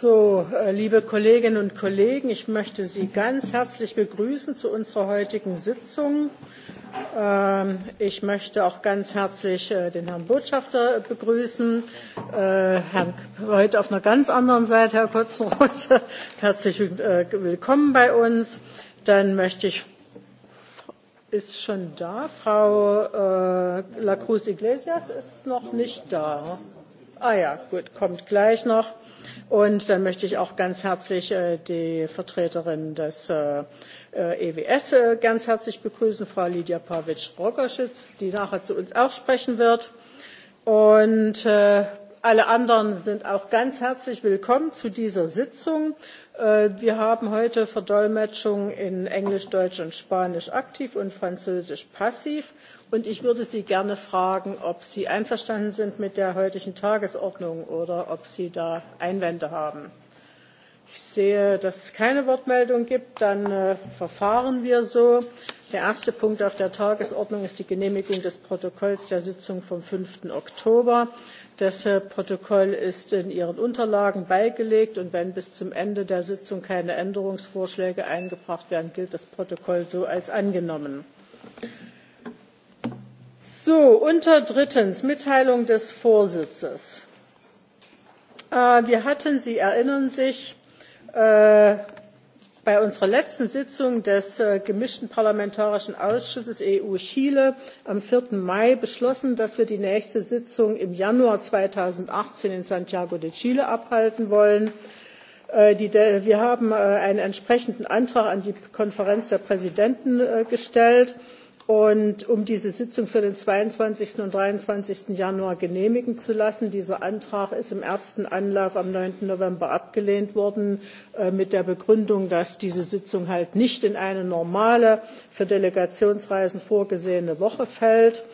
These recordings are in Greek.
So, liebe Kolleginnen und Kollegen, ich möchte Sie ganz herzlich begrüßen zu unserer heutigen Sitzung. Ich möchte auch ganz herzlich den Herrn Botschafter begrüßen, Herrn heute auf einer ganz anderen Seite, Herr Kotzenroth, herzlich willkommen bei uns. Dann möchte ich ist schon da, Frau Lacruz Iglesias ist noch nicht da. Ah ja, gut, kommt gleich noch. Und dann möchte ich auch ganz herzlich die Vertreterin des EWS ganz herzlich begrüßen, Frau Lidia Pavic-Rogoschitz, die nachher zu uns auch sprechen wird. Und alle anderen sind auch ganz herzlich willkommen zu dieser Sitzung. Wir haben heute Verdolmetschung in Englisch, Deutsch und Spanisch aktiv und Französisch passiv. Und ich würde Sie gerne fragen, ob Sie einverstanden sind mit der heutigen Tagesordnung oder ob Sie da Einwände haben. Ich sehe, dass es keine Wortmeldung gibt. Dann verfahren wir so. Der erste Punkt auf der Tagesordnung ist die Genehmigung des Protokolls der Sitzung vom 5. Oktober. Das Protokoll ist in Ihren Unterlagen beigelegt, und wenn bis zum Ende der Sitzung keine Änderungsvorschläge eingebracht werden, gilt das Protokoll so als angenommen. So, unter drittens Mitteilung des Vorsitzes. Wir hatten, Sie erinnern sich, bei unserer letzten sitzung des gemischten parlamentarischen ausschusses eu chile am. 4. mai beschlossen dass wir die nächste sitzung im januar 2018 in santiago de chile abhalten wollen. wir haben einen entsprechenden antrag an die konferenz der präsidenten gestellt und um diese Sitzung für den 22. und 23. Januar genehmigen zu lassen. Dieser Antrag ist im ersten Anlauf am 9. November abgelehnt worden mit der Begründung, dass diese Sitzung halt nicht in eine normale für Delegationsreisen vorgesehene Woche fällt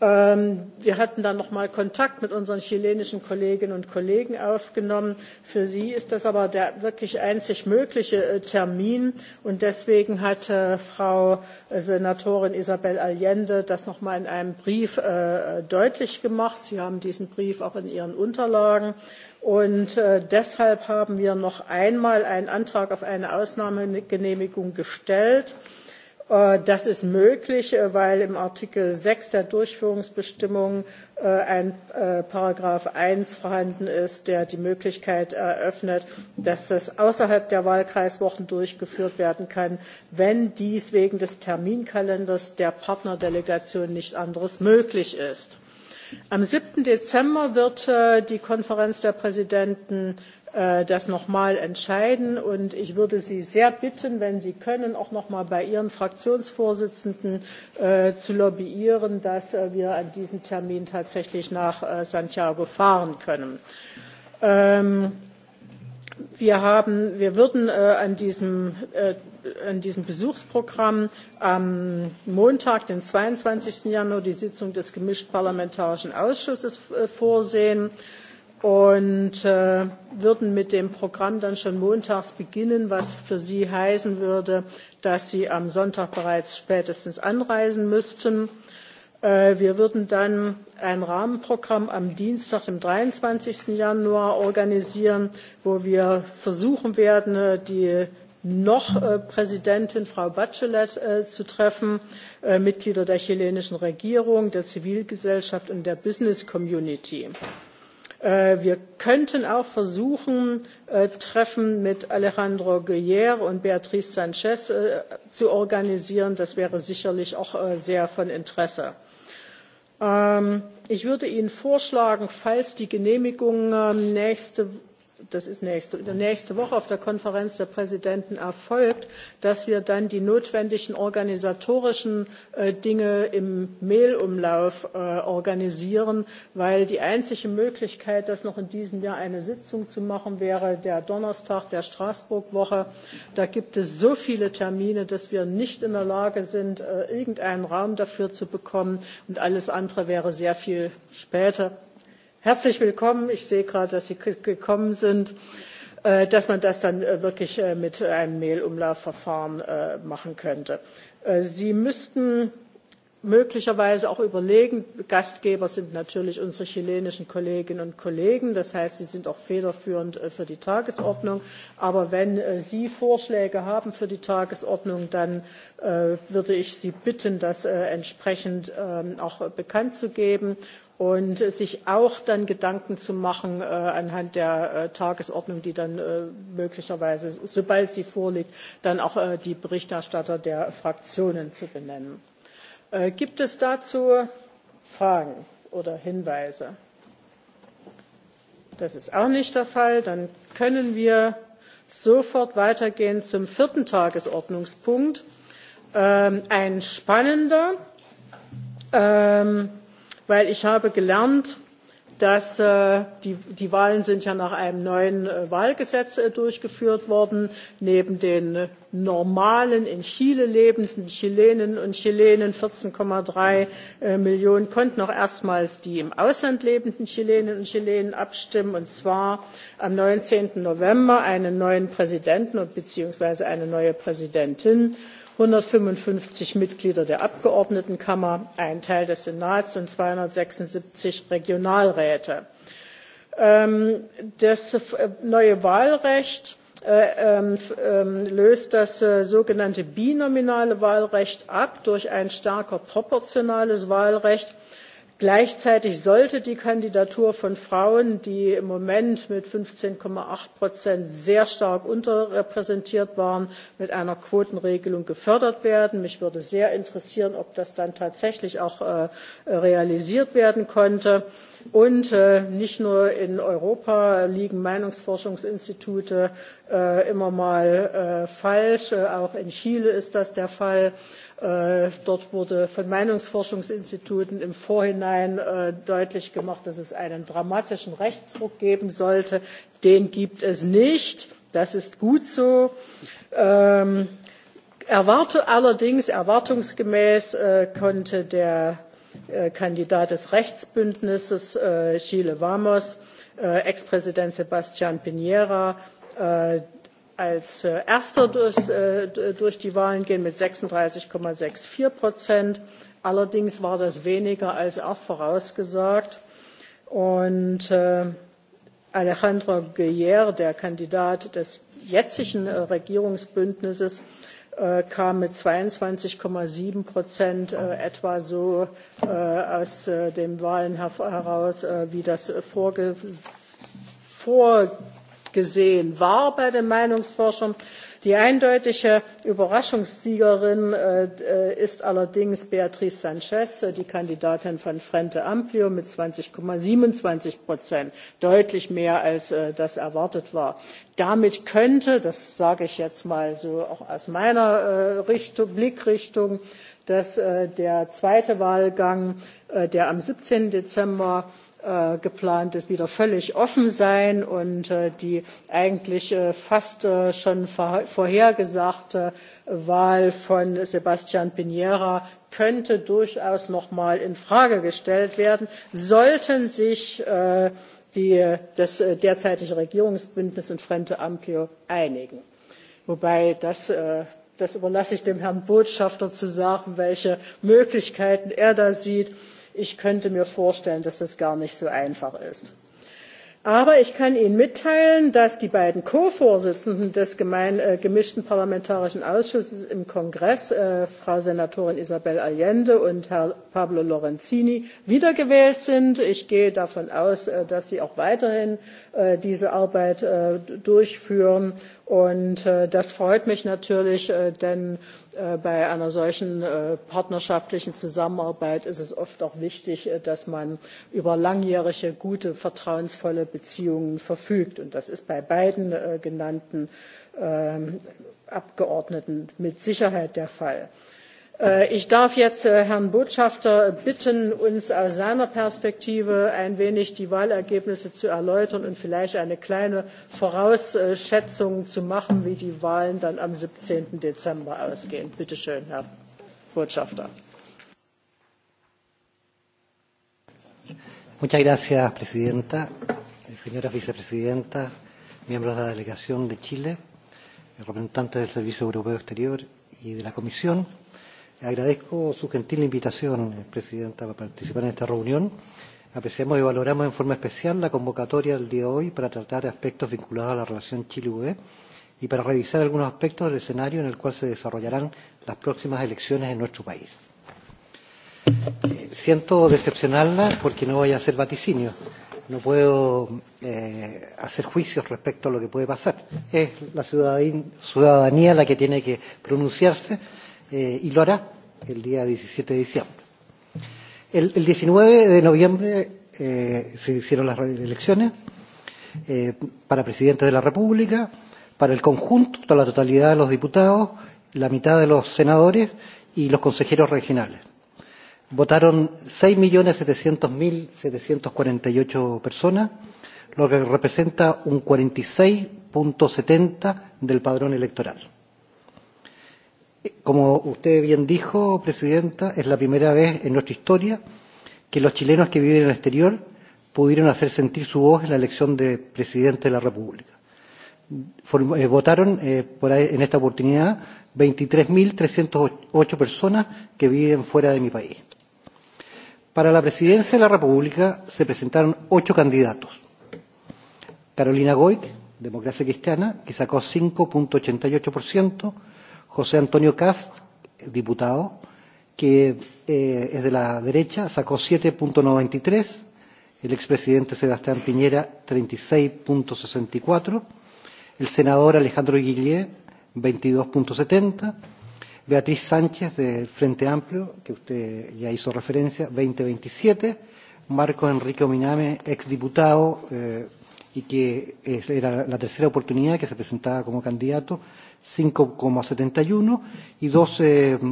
Wir hatten dann noch mal Kontakt mit unseren chilenischen Kolleginnen und Kollegen aufgenommen. Für sie ist das aber der wirklich einzig mögliche Termin. Und deswegen hat Frau Senatorin Isabel Allende das noch mal in einem Brief deutlich gemacht. Sie haben diesen Brief auch in Ihren Unterlagen. Und deshalb haben wir noch einmal einen Antrag auf eine Ausnahmegenehmigung gestellt Das ist möglich, weil im Artikel 6 der Durchführungsbestimmung ein Paragraph 1 vorhanden ist, der die Möglichkeit eröffnet, dass das außerhalb der Wahlkreiswochen durchgeführt werden kann, wenn dies wegen des Terminkalenders der Partnerdelegation nicht anderes möglich ist. Am 7. Dezember wird die Konferenz der Präsidenten das noch mal entscheiden. Und ich würde Sie sehr bitten, wenn Sie können, auch noch mal bei Ihren Fraktionsvorsitzenden zu lobbyieren, dass wir an diesem Termin tatsächlich nach Santiago fahren können. Wir würden an diesem an diesem Besuchsprogramm am Montag, den 22. Januar, die Sitzung des gemischt parlamentarischen Ausschusses vorsehen und würden mit dem Programm dann schon montags beginnen, was für Sie heißen würde, dass Sie am Sonntag bereits spätestens anreisen müssten. Wir würden dann ein Rahmenprogramm am Dienstag, dem 23. Januar, organisieren, wo wir versuchen werden, die noch Präsidentin Frau Bachelet zu treffen, Mitglieder der chilenischen Regierung, der Zivilgesellschaft und der Business Community. Wir könnten auch versuchen, Treffen mit Alejandro Guerre und Beatrice Sanchez zu organisieren. Das wäre sicherlich auch sehr von Interesse. Ich würde Ihnen vorschlagen, falls die Genehmigung nächste das ist nächste, nächste Woche auf der Konferenz der Präsidenten erfolgt, dass wir dann die notwendigen organisatorischen Dinge im Mailumlauf organisieren, weil die einzige Möglichkeit, dass noch in diesem Jahr eine Sitzung zu machen wäre, der Donnerstag der Straßburg-Woche. Da gibt es so viele Termine, dass wir nicht in der Lage sind, irgendeinen Raum dafür zu bekommen und alles andere wäre sehr viel später herzlich willkommen. Ich sehe gerade, dass Sie gekommen sind, dass man das dann wirklich mit einem verfahren machen könnte. Sie müssten möglicherweise auch überlegen, Gastgeber sind natürlich unsere chilenischen Kolleginnen und Kollegen, das heißt, sie sind auch federführend für die Tagesordnung. Aber wenn Sie Vorschläge haben für die Tagesordnung, dann würde ich Sie bitten, das entsprechend auch bekannt zu geben und sich auch dann Gedanken zu machen anhand der Tagesordnung, die dann möglicherweise, sobald sie vorliegt, dann auch die Berichterstatter der Fraktionen zu benennen. Gibt es dazu Fragen oder Hinweise? Das ist auch nicht der Fall. Dann können wir sofort weitergehen zum vierten Tagesordnungspunkt. Ein spannender weil ich habe gelernt, dass die Wahlen sind ja nach einem neuen Wahlgesetz durchgeführt worden. Neben den normalen in Chile lebenden Chilenen und Chilenen 14,3 Millionen konnten auch erstmals die im Ausland lebenden Chilenen und Chilenen abstimmen, und zwar am 19. November einen neuen Präsidenten bzw. eine neue Präsidentin 155 Mitglieder der Abgeordnetenkammer, ein Teil des Senats und 276 Regionalräte. Das neue Wahlrecht löst das sogenannte binominale Wahlrecht ab durch ein stärker proportionales Wahlrecht Gleichzeitig sollte die Kandidatur von Frauen, die im Moment mit 15,8 sehr stark unterrepräsentiert waren, mit einer Quotenregelung gefördert werden. Mich würde sehr interessieren, ob das dann tatsächlich auch realisiert werden konnte. Und nicht nur in Europa liegen Meinungsforschungsinstitute immer mal falsch, auch in Chile ist das der Fall. Dort wurde von Meinungsforschungsinstituten im Vorhinein deutlich gemacht, dass es einen dramatischen Rechtsruck geben sollte. Den gibt es nicht. Das ist gut so. Allerdings erwartungsgemäß konnte der Kandidat des Rechtsbündnisses Chile Vamos, Ex-Präsident Sebastián Piñera, als erster durch die Wahlen gehen mit 36,64 Prozent. Allerdings war das weniger als auch vorausgesagt. Und Alejandro Guerre, der Kandidat des jetzigen Regierungsbündnisses, kam mit 22,7 Prozent etwa so aus den Wahlen heraus, wie das vorgesehen gesehen war bei der Meinungsforschung. Die eindeutige Überraschungssiegerin ist allerdings Beatrice Sanchez, die Kandidatin von Frente Amplio mit 20,27 Prozent, deutlich mehr als das erwartet war. Damit könnte, das sage ich jetzt mal so auch aus meiner Blickrichtung, dass der zweite Wahlgang, der am 17. Dezember geplant ist, wieder völlig offen sein und die eigentlich fast schon vorhergesagte Wahl von Sebastian Piniera könnte durchaus noch mal in Frage gestellt werden, sollten sich das derzeitige Regierungsbündnis in Frente Amplio einigen. Wobei das das überlasse ich dem Herrn Botschafter zu sagen, welche Möglichkeiten er da sieht. Ich könnte mir vorstellen, dass das gar nicht so einfach ist. Aber ich kann Ihnen mitteilen, dass die beiden Co-Vorsitzenden des gemischten parlamentarischen Ausschusses im Kongress, Frau Senatorin Isabel Allende und Herr Pablo Lorenzini, wiedergewählt sind. Ich gehe davon aus, dass sie auch weiterhin diese Arbeit durchführen. Und das freut mich natürlich, denn bei einer solchen partnerschaftlichen Zusammenarbeit ist es oft auch wichtig, dass man über langjährige, gute, vertrauensvolle Beziehungen verfügt. Und das ist bei beiden genannten Abgeordneten mit Sicherheit der Fall. Ich darf jetzt Herrn Botschafter bitten, uns aus seiner Perspektive ein wenig die Wahlergebnisse zu erläutern und vielleicht eine kleine Vorausschätzung zu machen, wie die Wahlen dann am 17. Dezember ausgehen. Bitte schön, Herr Botschafter. Muchas gracias, Presidenta, señora Vicepresidenta, miembros de la Delegación de Chile, representantes del Servicio Europeo Exterior y de la Comisión. Agradezco su gentil invitación, Presidenta, para participar en esta reunión. Apreciamos y valoramos en forma especial la convocatoria del día de hoy para tratar aspectos vinculados a la relación Chile-UE y para revisar algunos aspectos del escenario en el cual se desarrollarán las próximas elecciones en nuestro país. Siento decepcionarla porque no voy a hacer vaticinios. No puedo hacer juicios respecto a lo que puede pasar. Es la ciudadanía la que tiene que pronunciarse y lo hará el día 17 de diciembre. El 19 de noviembre se hicieron las elecciones para presidente de la República, para el conjunto, para la totalidad de los diputados, la mitad de los senadores y los consejeros regionales. Votaron 6.700.748 personas, lo que representa un 46.70 del padrón electoral. Como usted bien dijo, Presidenta, es la primera vez en nuestra historia que los chilenos que viven en el exterior pudieron hacer sentir su voz en la elección de Presidente de la República. Votaron en esta oportunidad 23.308 personas que viven fuera de mi país. Para la Presidencia de la República se presentaron ocho candidatos. Carolina Goic, Democracia Cristiana, que sacó 5.88%, José Antonio Cast, diputado, que es de la derecha, sacó 7.93, el expresidente Sebastián Piñera 36.64, el senador Alejandro Guillier 22.70, Beatriz Sánchez del Frente Amplio, que usted ya hizo referencia, 20.27, Marco Enrique Ominame, exdiputado, y que era la tercera oportunidad que se presentaba como candidato, 5,71, y dos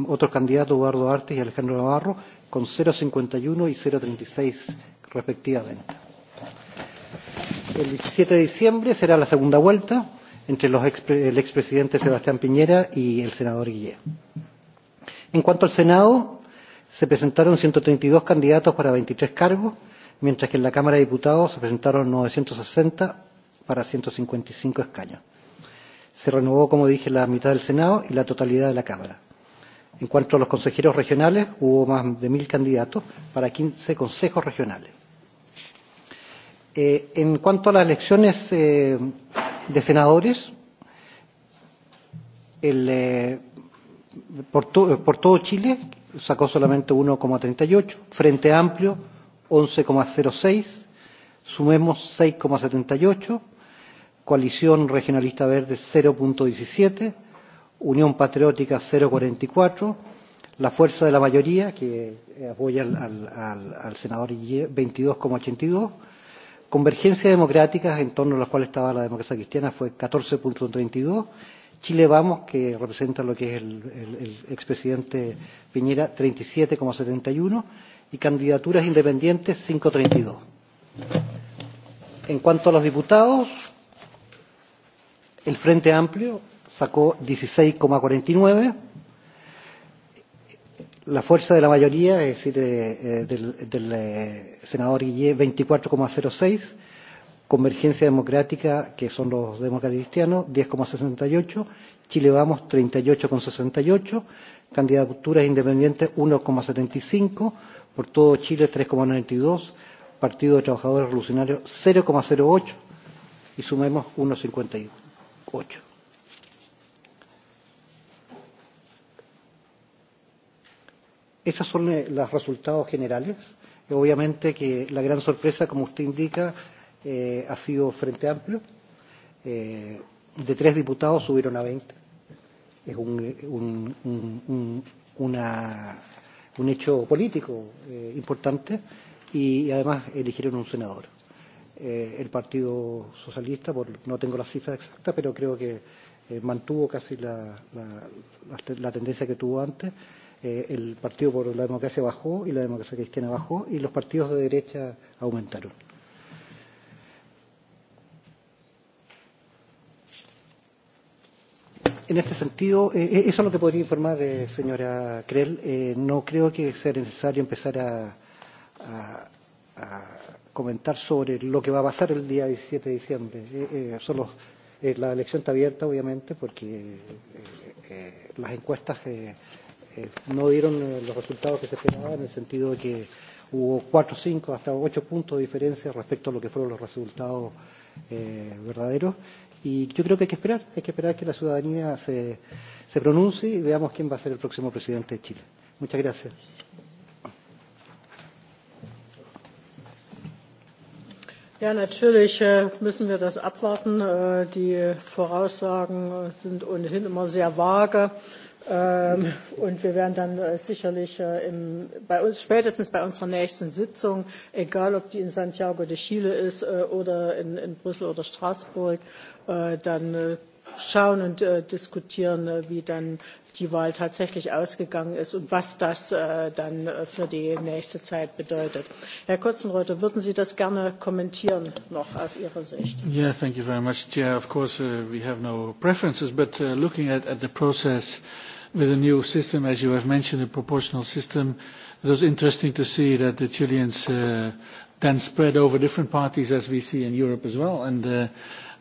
otros candidatos, Eduardo Artes y Alejandro Navarro, con 0,51 y 0,36 respectivamente. El 17 de diciembre será la segunda vuelta entre los el expresidente Sebastián Piñera y el senador Guillé. En cuanto al Senado, se presentaron 132 candidatos para 23 cargos, mientras que en la Cámara de Diputados se presentaron 960 para 155 escaños. Se renovó, como dije, la mitad del Senado y la totalidad de la Cámara. En cuanto a los consejeros regionales, hubo más de mil candidatos para 15 consejos regionales. En cuanto a las elecciones de senadores, por todo Chile sacó solamente 1,38, Frente Amplio 11,06, sumemos 6,78, Coalición Regionalista Verde 0,17, Unión Patriótica 0,44, la Fuerza de la Mayoría, que apoya al, al, al senador 22,82, Convergencia Democrática, en torno a la cual estaba la democracia cristiana, fue 14,32, Chile Vamos, que representa lo que es el, el, el expresidente Piñera, 37,71, y candidaturas independientes 532. En cuanto a los diputados, el Frente Amplio sacó 16,49. La fuerza de la mayoría, es decir, del, del senador Guillé, 24,06. Convergencia Democrática, que son los demócratas cristianos, 10,68. Chile Vamos, 38,68. Candidaturas independientes, 1,75 por todo Chile 3,92, Partido de Trabajadores Revolucionarios 0,08 y sumemos 1,58. Esos son los resultados generales. Obviamente que la gran sorpresa, como usted indica, eh, ha sido Frente Amplio. Eh, de tres diputados subieron a 20. Es un, un, un, una un hecho político importante y además eligieron un senador. eh El Partido Socialista, por no tengo las cifras exactas, pero creo que mantuvo casi la la tendencia que tuvo antes. El Partido por la Democracia bajó y la Democracia Cristiana bajó y los partidos de derecha aumentaron. En este sentido, eso es lo que podría informar, señora Krell. No creo que sea necesario empezar a comentar sobre lo que va a pasar el día 17 de diciembre. Solo la elección está abierta, obviamente, porque las encuestas no dieron los resultados que se esperaban, en el sentido de que hubo cuatro, cinco, hasta ocho puntos de diferencia respecto a lo que fueron los resultados verdaderos Y yo creo que hay que esperar, hay que esperar que la ciudadanía se, se pronuncie y veamos quién va a ser el próximo presidente de Chile. Muchas gracias. Ja, natürlich müssen wir das abwarten. Die Voraussagen sind ohnehin immer sehr vage. Und wir werden dann sicherlich im, bei uns, spätestens bei unserer nächsten Sitzung, egal ob die in Santiago de Chile ist oder in, in Brüssel oder Straßburg, dann schauen und diskutieren, wie dann die Wahl tatsächlich ausgegangen ist und was das dann für die nächste Zeit bedeutet. Herr Kotzenreuther, würden Sie das gerne kommentieren noch aus Ihrer Sicht? Yeah, thank you very much, Chair. Of course, we have no preferences, but looking at at the process with a new system, as you have mentioned, a proportional system, it was interesting to see that the Chileans then spread over different parties, as we see in Europe as well, and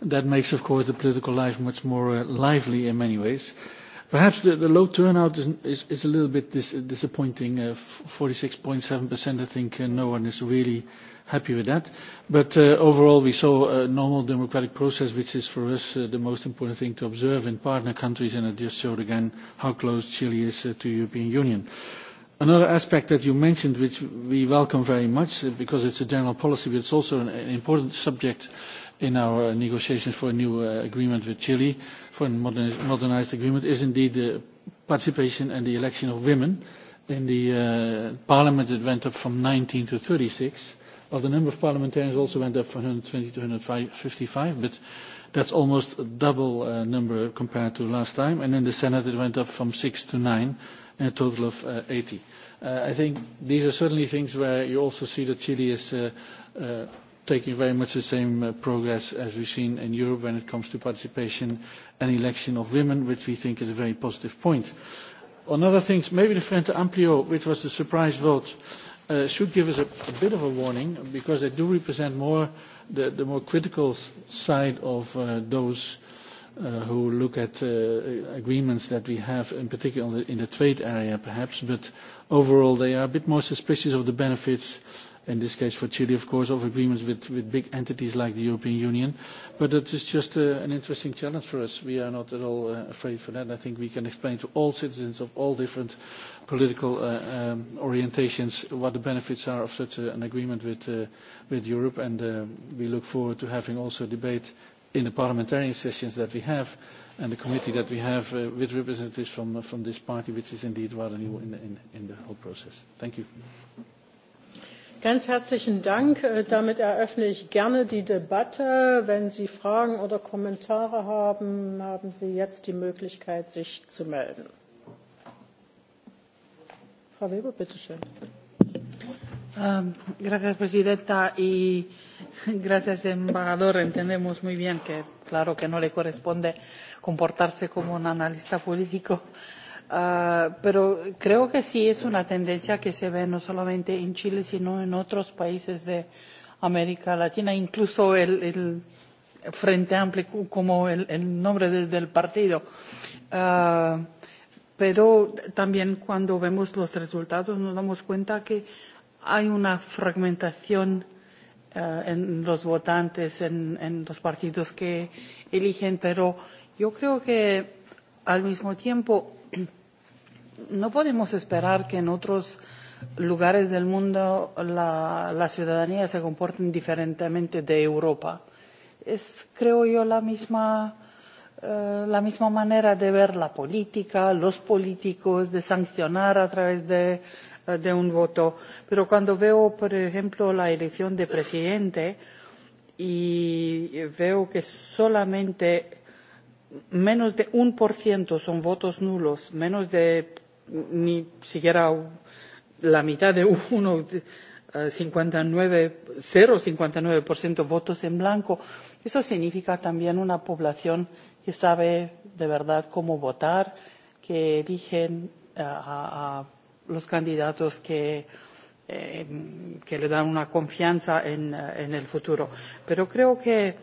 that makes, of course, the political life much more lively in many ways. Perhaps the low turnout is a little bit disappointing. 46.7%, I think no one is really happy with that. But overall, we saw a normal democratic process, which is for us the most important thing to observe in partner countries, and it just showed again how close Chile is to the European Union. Another aspect that you mentioned, which we welcome very much, because it's a general policy, but it's also an important subject in our negotiations for a new agreement with Chile, for a modernized agreement, is indeed the participation and the election of women in the parliament. It went up from 19 to 36, while the number of parliamentarians also went up from 120 to 155, but that's almost double number compared to last time. And in the Senate, it went up from six to nine, and a total of 80. I think these are certainly things where you also see that Chile is taking very much the same progress as we've seen in Europe when it comes to participation and election of women, which we think is a very positive point. On other things, maybe the Frente Amplio, which was the surprise vote, should give us a bit of a warning because they do represent more the more critical side of those who look at agreements that we have, in particular in the trade area perhaps, but overall they are a bit more suspicious of the benefits in this case for Chile, of course, of agreements with big entities like the European Union. But it is just an interesting challenge for us. We are not at all afraid for that. I think we can explain to all citizens of all different political orientations what the benefits are of such an agreement with Europe. And we look forward to having also a debate in the parliamentary sessions that we have and the committee that we have with representatives from this party, which is indeed rather new in the whole process. Thank you. Ganz herzlichen Dank. Damit eröffne ich gerne die Debatte. Wenn Sie Fragen oder Kommentare haben, haben Sie jetzt die Möglichkeit, sich zu melden. Frau Weber, bitte schön. Gracias, Presidenta, y gracias, embajador. Entendemos muy bien que, claro, que no le corresponde comportarse como un analista político pero creo que sí es una tendencia que se ve no solamente en Chile, sino en otros países de América Latina, incluso el, Frente Amplio como el, el nombre del partido. pero también cuando vemos los resultados nos damos cuenta que hay una fragmentación en los votantes, en los partidos que eligen, pero yo creo que al mismo tiempo no podemos esperar que en otros lugares del mundo la, la ciudadanía se comporte diferentemente de Europa. Es, creo yo, la misma, la misma manera de ver la política, los políticos, de sancionar a través de, de un voto. Pero cuando veo, por ejemplo, la elección de presidente y veo que solamente menos de un por ciento son votos nulos, menos de ni siquiera la mitad de uno, 59, 0,59% votos en blanco. Eso significa también una población que sabe de verdad cómo votar, que eligen a los candidatos que que le dan una confianza en el futuro. Pero creo que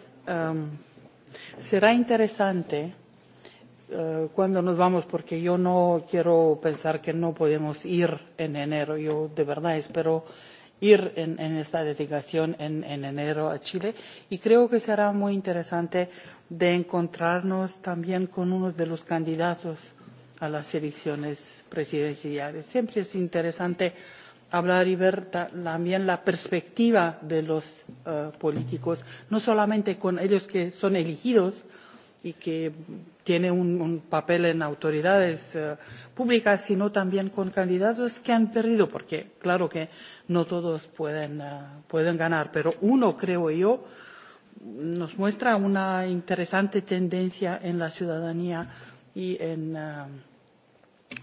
Será interesante cuando nos vamos, porque yo no quiero pensar que no podemos ir en enero. Yo de verdad espero ir en esta delegación en enero a Chile y creo que será muy interesante de encontrarnos también con uno de los candidatos a las elecciones presidenciales. Siempre es interesante hablar y ver también la perspectiva de los políticos, no solamente con ellos que son elegidos y que tienen un papel en autoridades públicas, sino también con candidatos que han perdido, porque claro que no todos pueden ganar, pero uno, creo yo, nos muestra una interesante tendencia en la ciudadanía y en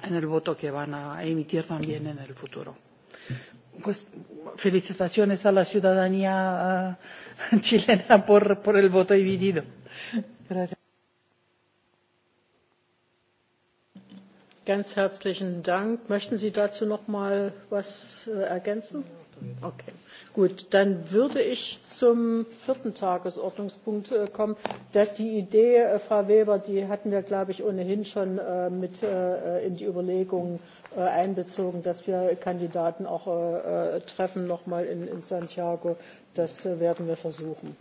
el voto que van a emitir también en el futuro pues felicitaciones a la ciudadanía chilena por, por el voto dividido. Ganz herzlichen Dank. Möchten Sie dazu noch mal was ergänzen? Okay. Gut, dann würde ich zum vierten Tagesordnungspunkt kommen. Die Idee, Frau Weber, die hatten wir, glaube ich, ohnehin schon mit in die Überlegungen einbezogen, dass wir Kandidaten auch treffen, nochmal in Santiago. Das werden wir versuchen.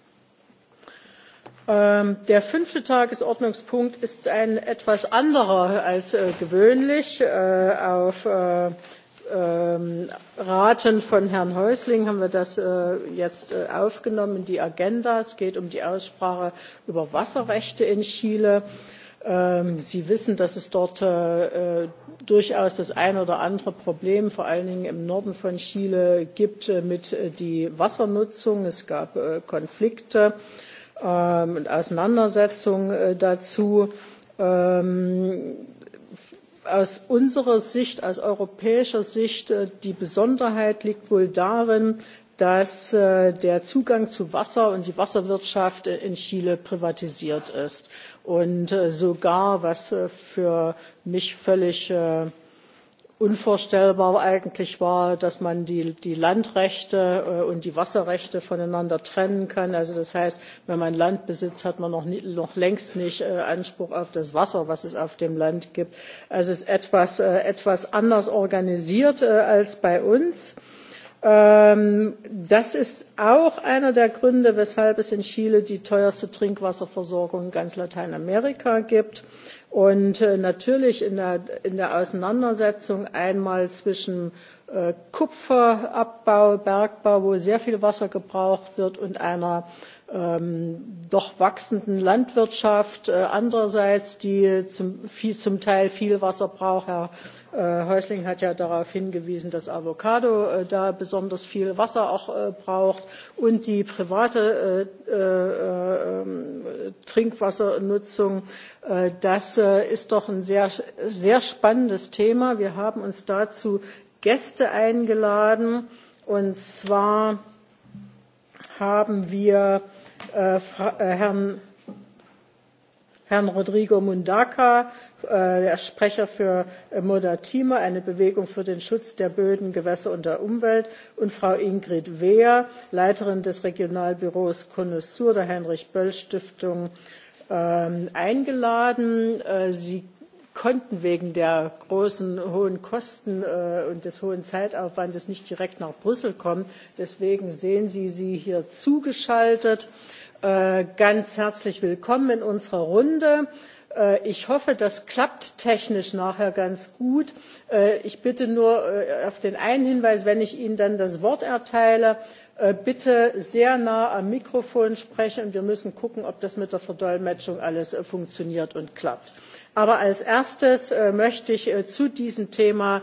Der fünfte Tagesordnungspunkt ist ein etwas anderer als gewöhnlich. Auf Raten von Herrn Häusling haben wir das jetzt aufgenommen in die Agenda. Es geht um die Aussprache über Wasserrechte in Chile. Sie wissen, dass es dort durchaus das eine oder andere Problem, vor allen Dingen im Norden von Chile, gibt mit der Wassernutzung. Es gab Konflikte und Auseinandersetzungen dazu. Aus unserer Sicht, aus europäischer Sicht, die Besonderheit liegt wohl darin, dass der Zugang zu Wasser und die Wasserwirtschaft in Chile privatisiert ist. Und sogar, was für mich völlig unvorstellbar eigentlich war, dass man die Landrechte und die Wasserrechte voneinander trennen kann. Also das heißt, wenn man Land besitzt, hat man noch längst nicht Anspruch auf das Wasser, was es auf dem Land gibt. es ist etwas anders organisiert als bei uns Das ist auch einer der Gründe, weshalb es in Chile die teuerste Trinkwasserversorgung in ganz Lateinamerika gibt. Und natürlich in der Auseinandersetzung einmal zwischen Kupferabbau, Bergbau, wo sehr viel Wasser gebraucht wird und einer doch wachsenden Landwirtschaft. Andererseits, die zum Teil viel Wasser braucht. Herr Häusling hat ja darauf hingewiesen, dass Avocado da besonders viel Wasser auch braucht und die private Trinkwassernutzung. Das ist doch ein sehr spannendes Thema. Wir haben uns dazu Gäste eingeladen. Und zwar haben wir Herrn Rodrigo Mundaka, der Sprecher für Modatima, eine Bewegung für den Schutz der Böden, Gewässer und der Umwelt, und Frau Ingrid Wehr, Leiterin des Regionalbüros Connoisseur der Heinrich-Böll-Stiftung, eingeladen. Sie konnten wegen der großen hohen Kosten und des hohen Zeitaufwandes nicht direkt nach Brüssel kommen. Deswegen sehen Sie sie hier zugeschaltet. Ganz herzlich willkommen in unserer Runde. Ich hoffe, das klappt technisch nachher ganz gut. Ich bitte nur auf den einen Hinweis, wenn ich Ihnen dann das Wort erteile, bitte sehr nah am Mikrofon sprechen und wir müssen gucken, ob das mit der Verdolmetschung alles funktioniert und klappt. Aber als erstes möchte ich zu diesem Thema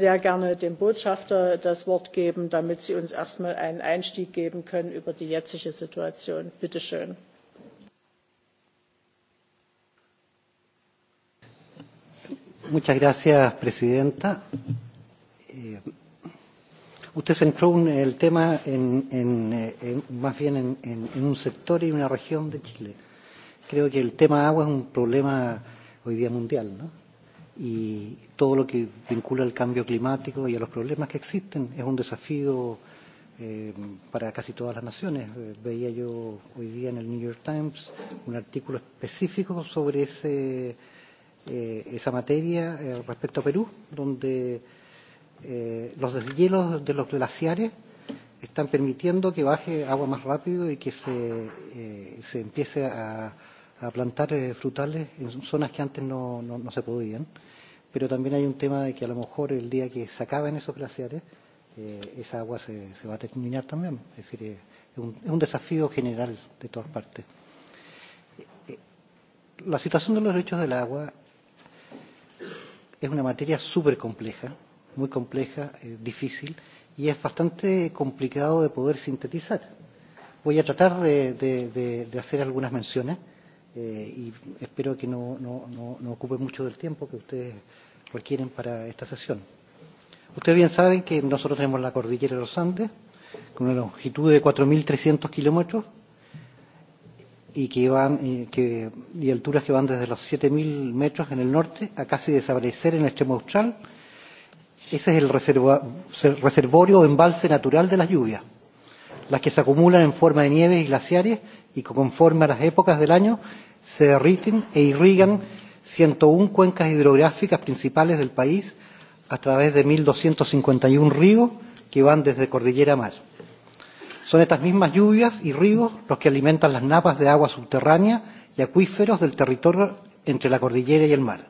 sehr gerne dem Botschafter das Wort geben, damit Sie uns erstmal einen Einstieg geben können über die jetzige Situation. Bitte schön. Muchas gracias, Presidenta. Usted centró el tema en, en, más bien en, un sector y una región de Chile. Creo que el tema agua es un problema hoy día mundial, ¿no? Y todo lo que vincula al cambio climático y a los problemas que existen es un desafío eh para casi todas las naciones. Veía yo hoy día en el New York Times un artículo específico sobre ese eh esa materia respecto a Perú, donde eh los deshielos de los glaciares están permitiendo que baje agua más rápido y que se, eh se empiece a a plantar frutales en zonas que antes no, no, no se podían. Pero también hay un tema de que a lo mejor el día que se acaben esos glaciares, eh, esa agua se, se va a terminar también. Es decir, es un, es un desafío general de todas partes. La situación de los derechos del agua es una materia súper compleja, muy compleja, difícil, y es bastante complicado de poder sintetizar. Voy a tratar de, de, de, de hacer algunas menciones y espero que no, no, no, ocupe mucho del tiempo que ustedes requieren para esta sesión. Ustedes bien saben que nosotros tenemos la cordillera de los Andes, con una longitud de 4.300 kilómetros y que van que, y alturas que van desde los 7.000 metros en el norte a casi desaparecer en el extremo austral. Ese es el reservorio o embalse natural de las lluvias, las que se acumulan en forma de nieves y glaciares y que conforme a las épocas del año se derriten e irrigan 101 cuencas hidrográficas principales del país a través de 1.251 ríos que van desde cordillera a mar. Son estas mismas lluvias y ríos los que alimentan las napas de agua subterránea y acuíferos del territorio entre la cordillera y el mar.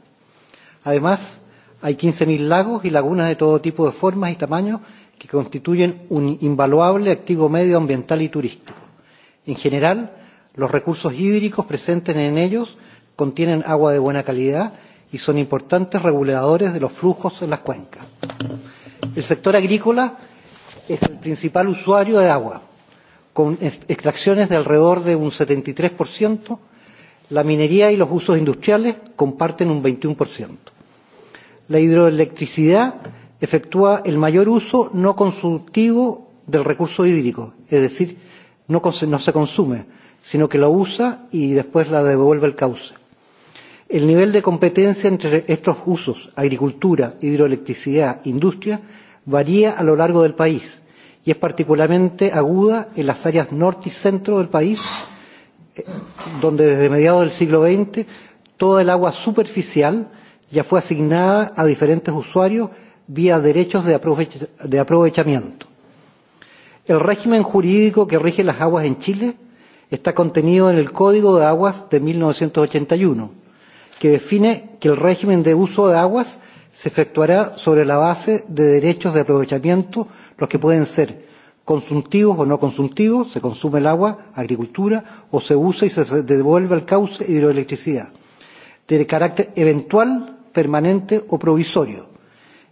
Además, hay 15.000 lagos y lagunas de todo tipo de formas y tamaños que constituyen un invaluable activo medioambiental y turístico. En general, los recursos hídricos presentes en ellos contienen agua de buena calidad y son importantes reguladores de los flujos en las cuencas. El sector agrícola es el principal usuario de agua, con extracciones de alrededor de un 73%, la minería y los usos industriales comparten un 21%. La hidroelectricidad efectúa el mayor uso no consultivo del recurso hídrico, es decir, no, no se consume, sino que lo usa y después la devuelve al cauce. El nivel de competencia entre estos usos, agricultura, hidroelectricidad, industria, varía a lo largo del país y es particularmente aguda en las áreas norte y centro del país, donde desde mediados del siglo XX toda el agua superficial ya fue asignada a diferentes usuarios vía derechos de aprovechamiento. El régimen jurídico que rige las aguas en Chile está contenido en el Código de Aguas de 1981, que define que el régimen de uso de aguas se efectuará sobre la base de derechos de aprovechamiento, los que pueden ser consuntivos o no consuntivos, se consume el agua, agricultura, o se usa y se devuelve al cauce hidroelectricidad, de carácter eventual, permanente o provisorio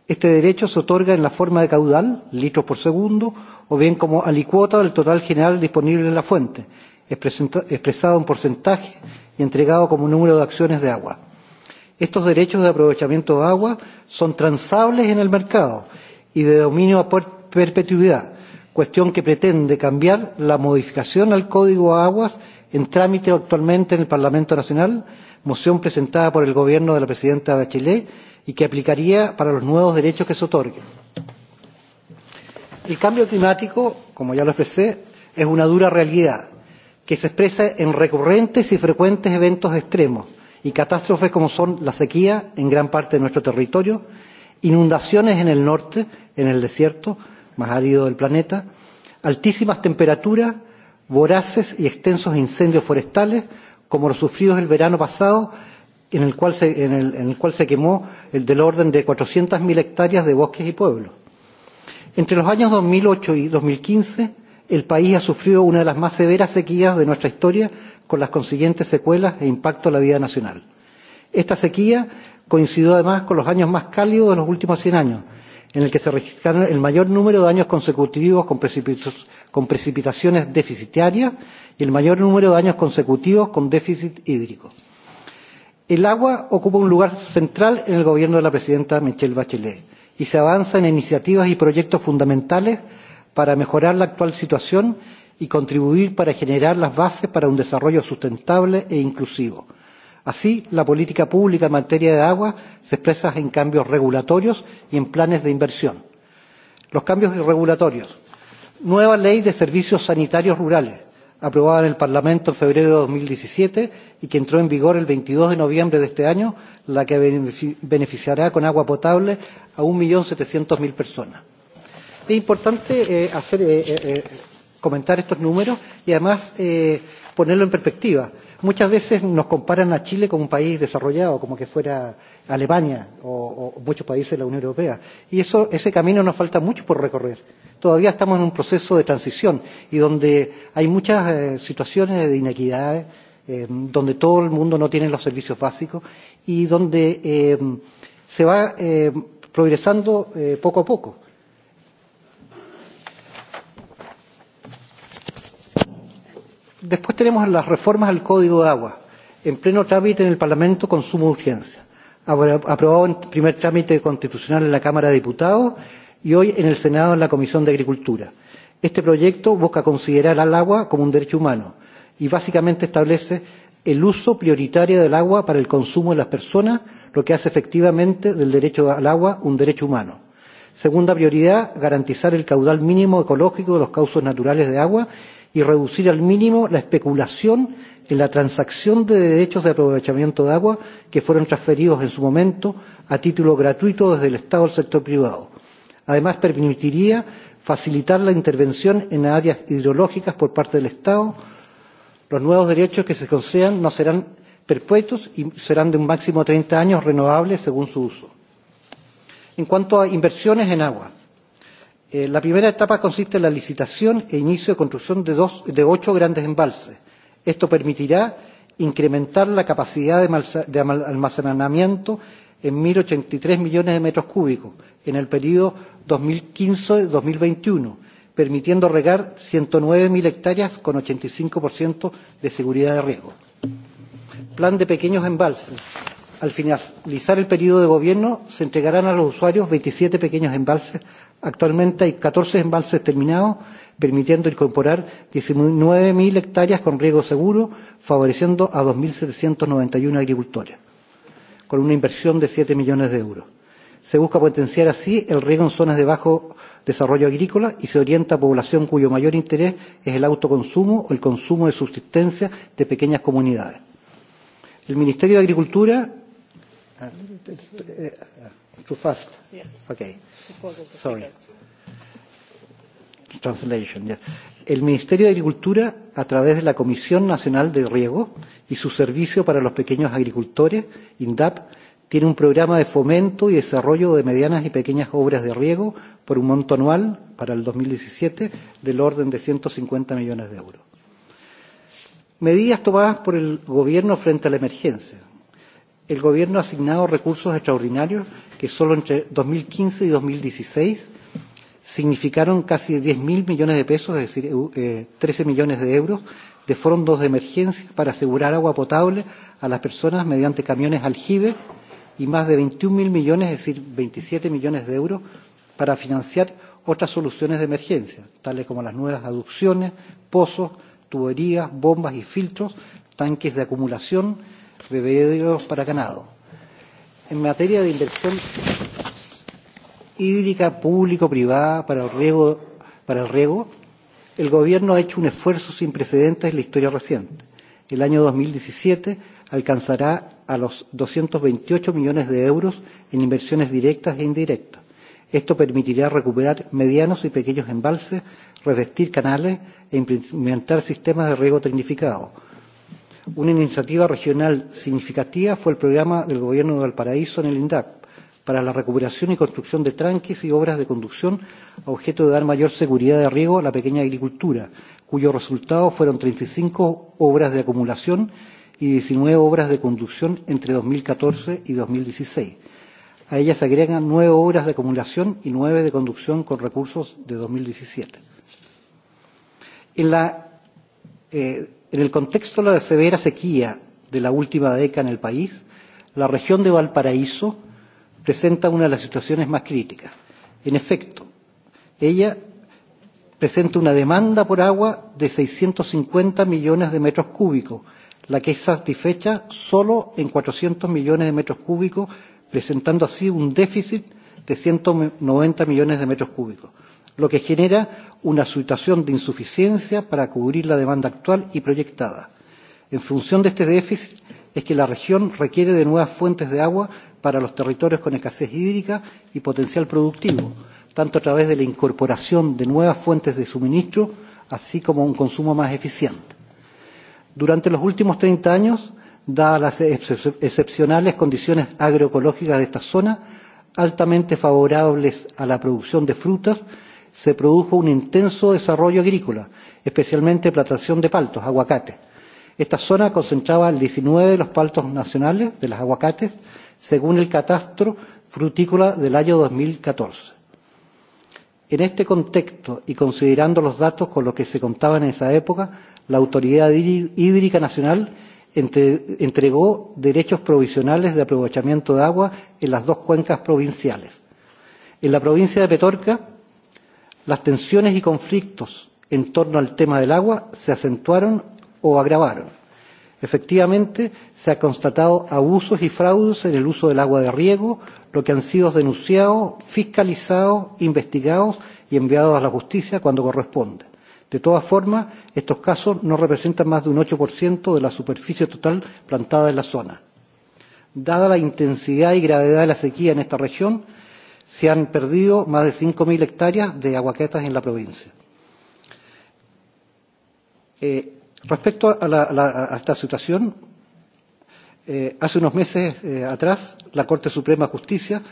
Este derecho se otorga en la forma de caudal, litros por segundo, o bien como alicuota del total general disponible en la fuente, expresado en porcentaje y entregado como número de acciones de agua. Estos derechos de aprovechamiento de agua son transables en el mercado y de dominio a perpetuidad, cuestión que pretende cambiar la modificación al Código de Aguas en trámite actualmente en el Parlamento Nacional, moción presentada por el gobierno de la presidenta Bachelet y que aplicaría para los nuevos derechos que se otorguen. El cambio climático, como ya lo expresé, es una dura realidad que se expresa en recurrentes y frecuentes eventos extremos y catástrofes como son la sequía en gran parte de nuestro territorio, inundaciones en el norte, en el desierto, más árido del planeta, altísimas temperaturas, voraces y extensos incendios forestales, como los sufridos el verano pasado, en el cual se, en el cual se quemó el del orden de 400.000 hectáreas de bosques y pueblos. Entre los años 2008 y 2015, el país ha sufrido una de las más severas sequías de nuestra historia, con las consiguientes secuelas e impacto en la vida nacional. Esta sequía coincidió además con los años más cálidos de los últimos 100 años, en el que se registraron el mayor número de años consecutivos con precipitaciones deficitarias y el mayor número de años consecutivos con déficit hídrico. El agua ocupa un lugar central en el gobierno de la presidenta Michelle Bachelet y se avanza en iniciativas y proyectos fundamentales para mejorar la actual situación y contribuir para generar las bases para un desarrollo sustentable e inclusivo Así, la política pública en materia de agua se expresa en cambios regulatorios y en planes de inversión. Los cambios regulatorios. Nueva ley de servicios sanitarios rurales, aprobada en el Parlamento en febrero de 2017 y que entró en vigor el 22 de noviembre de este año, la que beneficiará con agua potable a 1.700.000 personas. Es importante hacer, comentar estos números y además ponerlo en perspectiva Muchas veces nos comparan a Chile como un país desarrollado, como que fuera Alemania o muchos países de la Unión Europea. Y eso, ese camino nos falta mucho por recorrer. Todavía estamos en un proceso de transición y donde hay muchas situaciones de inequidades, donde todo el mundo no tiene los servicios básicos y donde se va progresando poco a poco Después tenemos las reformas al Código de Agua, en pleno trámite en el Parlamento con suma urgencia, aprobado en primer trámite constitucional en la Cámara de Diputados y hoy en el Senado en la Comisión de Agricultura. Este proyecto busca considerar al agua como un derecho humano y básicamente establece el uso prioritario del agua para el consumo de las personas, lo que hace efectivamente del derecho al agua un derecho humano. Segunda prioridad, garantizar el caudal mínimo ecológico de los cauces naturales de agua y reducir al mínimo la especulación en la transacción de derechos de aprovechamiento de agua que fueron transferidos en su momento a título gratuito desde el Estado al sector privado. Además, permitiría facilitar la intervención en áreas hidrológicas por parte del Estado. Los nuevos derechos que se concedan no serán perpetuos y serán de un máximo de 30 años renovables según su uso. En cuanto a inversiones en agua, La primera etapa consiste en la licitación e inicio de construcción de ocho grandes embalses. Esto permitirá incrementar la capacidad de almacenamiento en 1.083 millones de metros cúbicos en el periodo 2015-2021, permitiendo regar 109.000 hectáreas con 85% de seguridad de riego. Plan de pequeños embalses. Al finalizar el periodo de gobierno, se entregarán a los usuarios 27 pequeños embalses. Actualmente hay 14 embalses terminados, permitiendo incorporar 19.000 hectáreas con riego seguro, favoreciendo a 2.791 agricultores, con una inversión de 7 millones de euros. Se busca potenciar así el riego en zonas de bajo desarrollo agrícola y se orienta a población cuyo mayor interés es el autoconsumo o el consumo de subsistencia de pequeñas comunidades. El Ministerio de Agricultura Too fast? Yes. Okay. Sorry. Translation, yes. El Ministerio de Agricultura, a través de la Comisión Nacional de Riego y su Servicio para los Pequeños Agricultores, INDAP, tiene un programa de fomento y desarrollo de medianas y pequeñas obras de riego por un monto anual para el 2017 del orden de 150 millones de euros. Medidas tomadas por el Gobierno frente a la emergencia el Gobierno ha asignado recursos extraordinarios que solo entre 2015 y 2016 significaron casi 10.000 millones de pesos, es decir, 13 millones de euros, de fondos de emergencia para asegurar agua potable a las personas mediante camiones aljibe y más de 21.000 millones, es decir, 27 millones de euros, para financiar otras soluciones de emergencia, tales como las nuevas aducciones, pozos, tuberías, bombas y filtros, tanques de acumulación, bebederos para ganado. En materia de inversión hídrica público-privada para riego, para el riego, el Gobierno ha hecho un esfuerzo sin precedentes en la historia reciente. El año 2017 alcanzará a los 228 millones de euros en inversiones directas e indirectas. Esto permitirá recuperar medianos y pequeños embalses, revestir canales e implementar sistemas de riego tecnificado Una iniciativa regional significativa fue el programa del Gobierno de Valparaíso en el INDAP para la recuperación y construcción de tranques y obras de conducción a objeto de dar mayor seguridad de riego a la pequeña agricultura, cuyos resultados fueron 35 obras de acumulación y 19 obras de conducción entre 2014 y 2016. A ellas se agregan 9 obras de acumulación y 9 de conducción con recursos de 2017. En la En el contexto de la severa sequía de la última década en el país, la región de Valparaíso presenta una de las situaciones más críticas. En efecto, ella presenta una demanda por agua de 650 millones de metros cúbicos, la que es satisfecha solo en 400 millones de metros cúbicos, presentando así un déficit de 190 millones de metros cúbicos lo que genera una situación de insuficiencia para cubrir la demanda actual y proyectada. En función de este déficit es que la región requiere de nuevas fuentes de agua para los territorios con escasez hídrica y potencial productivo, tanto a través de la incorporación de nuevas fuentes de suministro, así como un consumo más eficiente. Durante los últimos 30 años, dadas las excepcionales condiciones agroecológicas de esta zona, altamente favorables a la producción de frutas, se produjo un intenso desarrollo agrícola, especialmente plantación de paltos, aguacates. Esta zona concentraba el 19 de los paltos nacionales de los aguacates, según el catastro frutícola del año 2014. En este contexto y considerando los datos con los que se contaban en esa época, la Autoridad Hídrica Nacional entregó derechos provisionales de aprovechamiento de agua en las dos cuencas provinciales. En la provincia de Petorca, Las tensiones y conflictos en torno al tema del agua se acentuaron o agravaron. Efectivamente, se han constatado abusos y fraudes en el uso del agua de riego, lo que han sido denunciados, fiscalizados, investigados y enviados a la justicia cuando corresponde. De todas formas, estos casos no representan más de un 8% de la superficie total plantada en la zona. Dada la intensidad y gravedad de la sequía en esta región, se han perdido más de 5.000 hectáreas de aguaquetas en la provincia. Eh, respecto a, la, a esta situación, eh, hace unos meses atrás la Corte Suprema de Justicia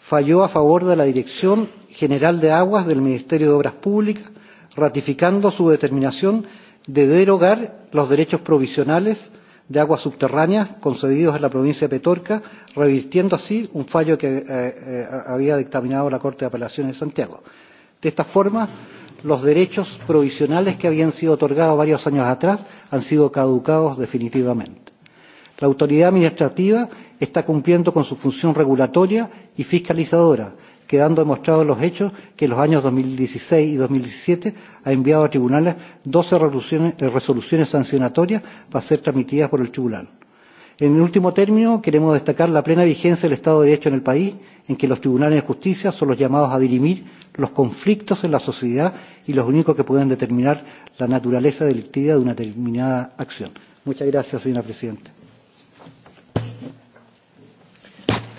falló a favor de la Dirección General de Aguas del Ministerio de Obras Públicas, ratificando su determinación de derogar los derechos provisionales de aguas subterráneas concedidos en la provincia de Petorca, revirtiendo así un fallo que había dictaminado la Corte de Apelaciones de Santiago. De esta forma, los derechos provisionales que habían sido otorgados varios años atrás han sido caducados definitivamente. La autoridad administrativa está cumpliendo con su función regulatoria y fiscalizadora quedando demostrados los hechos que en los años 2016 y 2017 ha enviado a tribunales 12 resoluciones sancionatorias para ser transmitidas por el tribunal. En el último término, queremos destacar la plena vigencia del Estado de Derecho en el país, en que los tribunales de justicia son los llamados a dirimir los conflictos en la sociedad y los únicos que pueden determinar la naturaleza delictiva de una determinada acción. Muchas gracias, señora presidenta.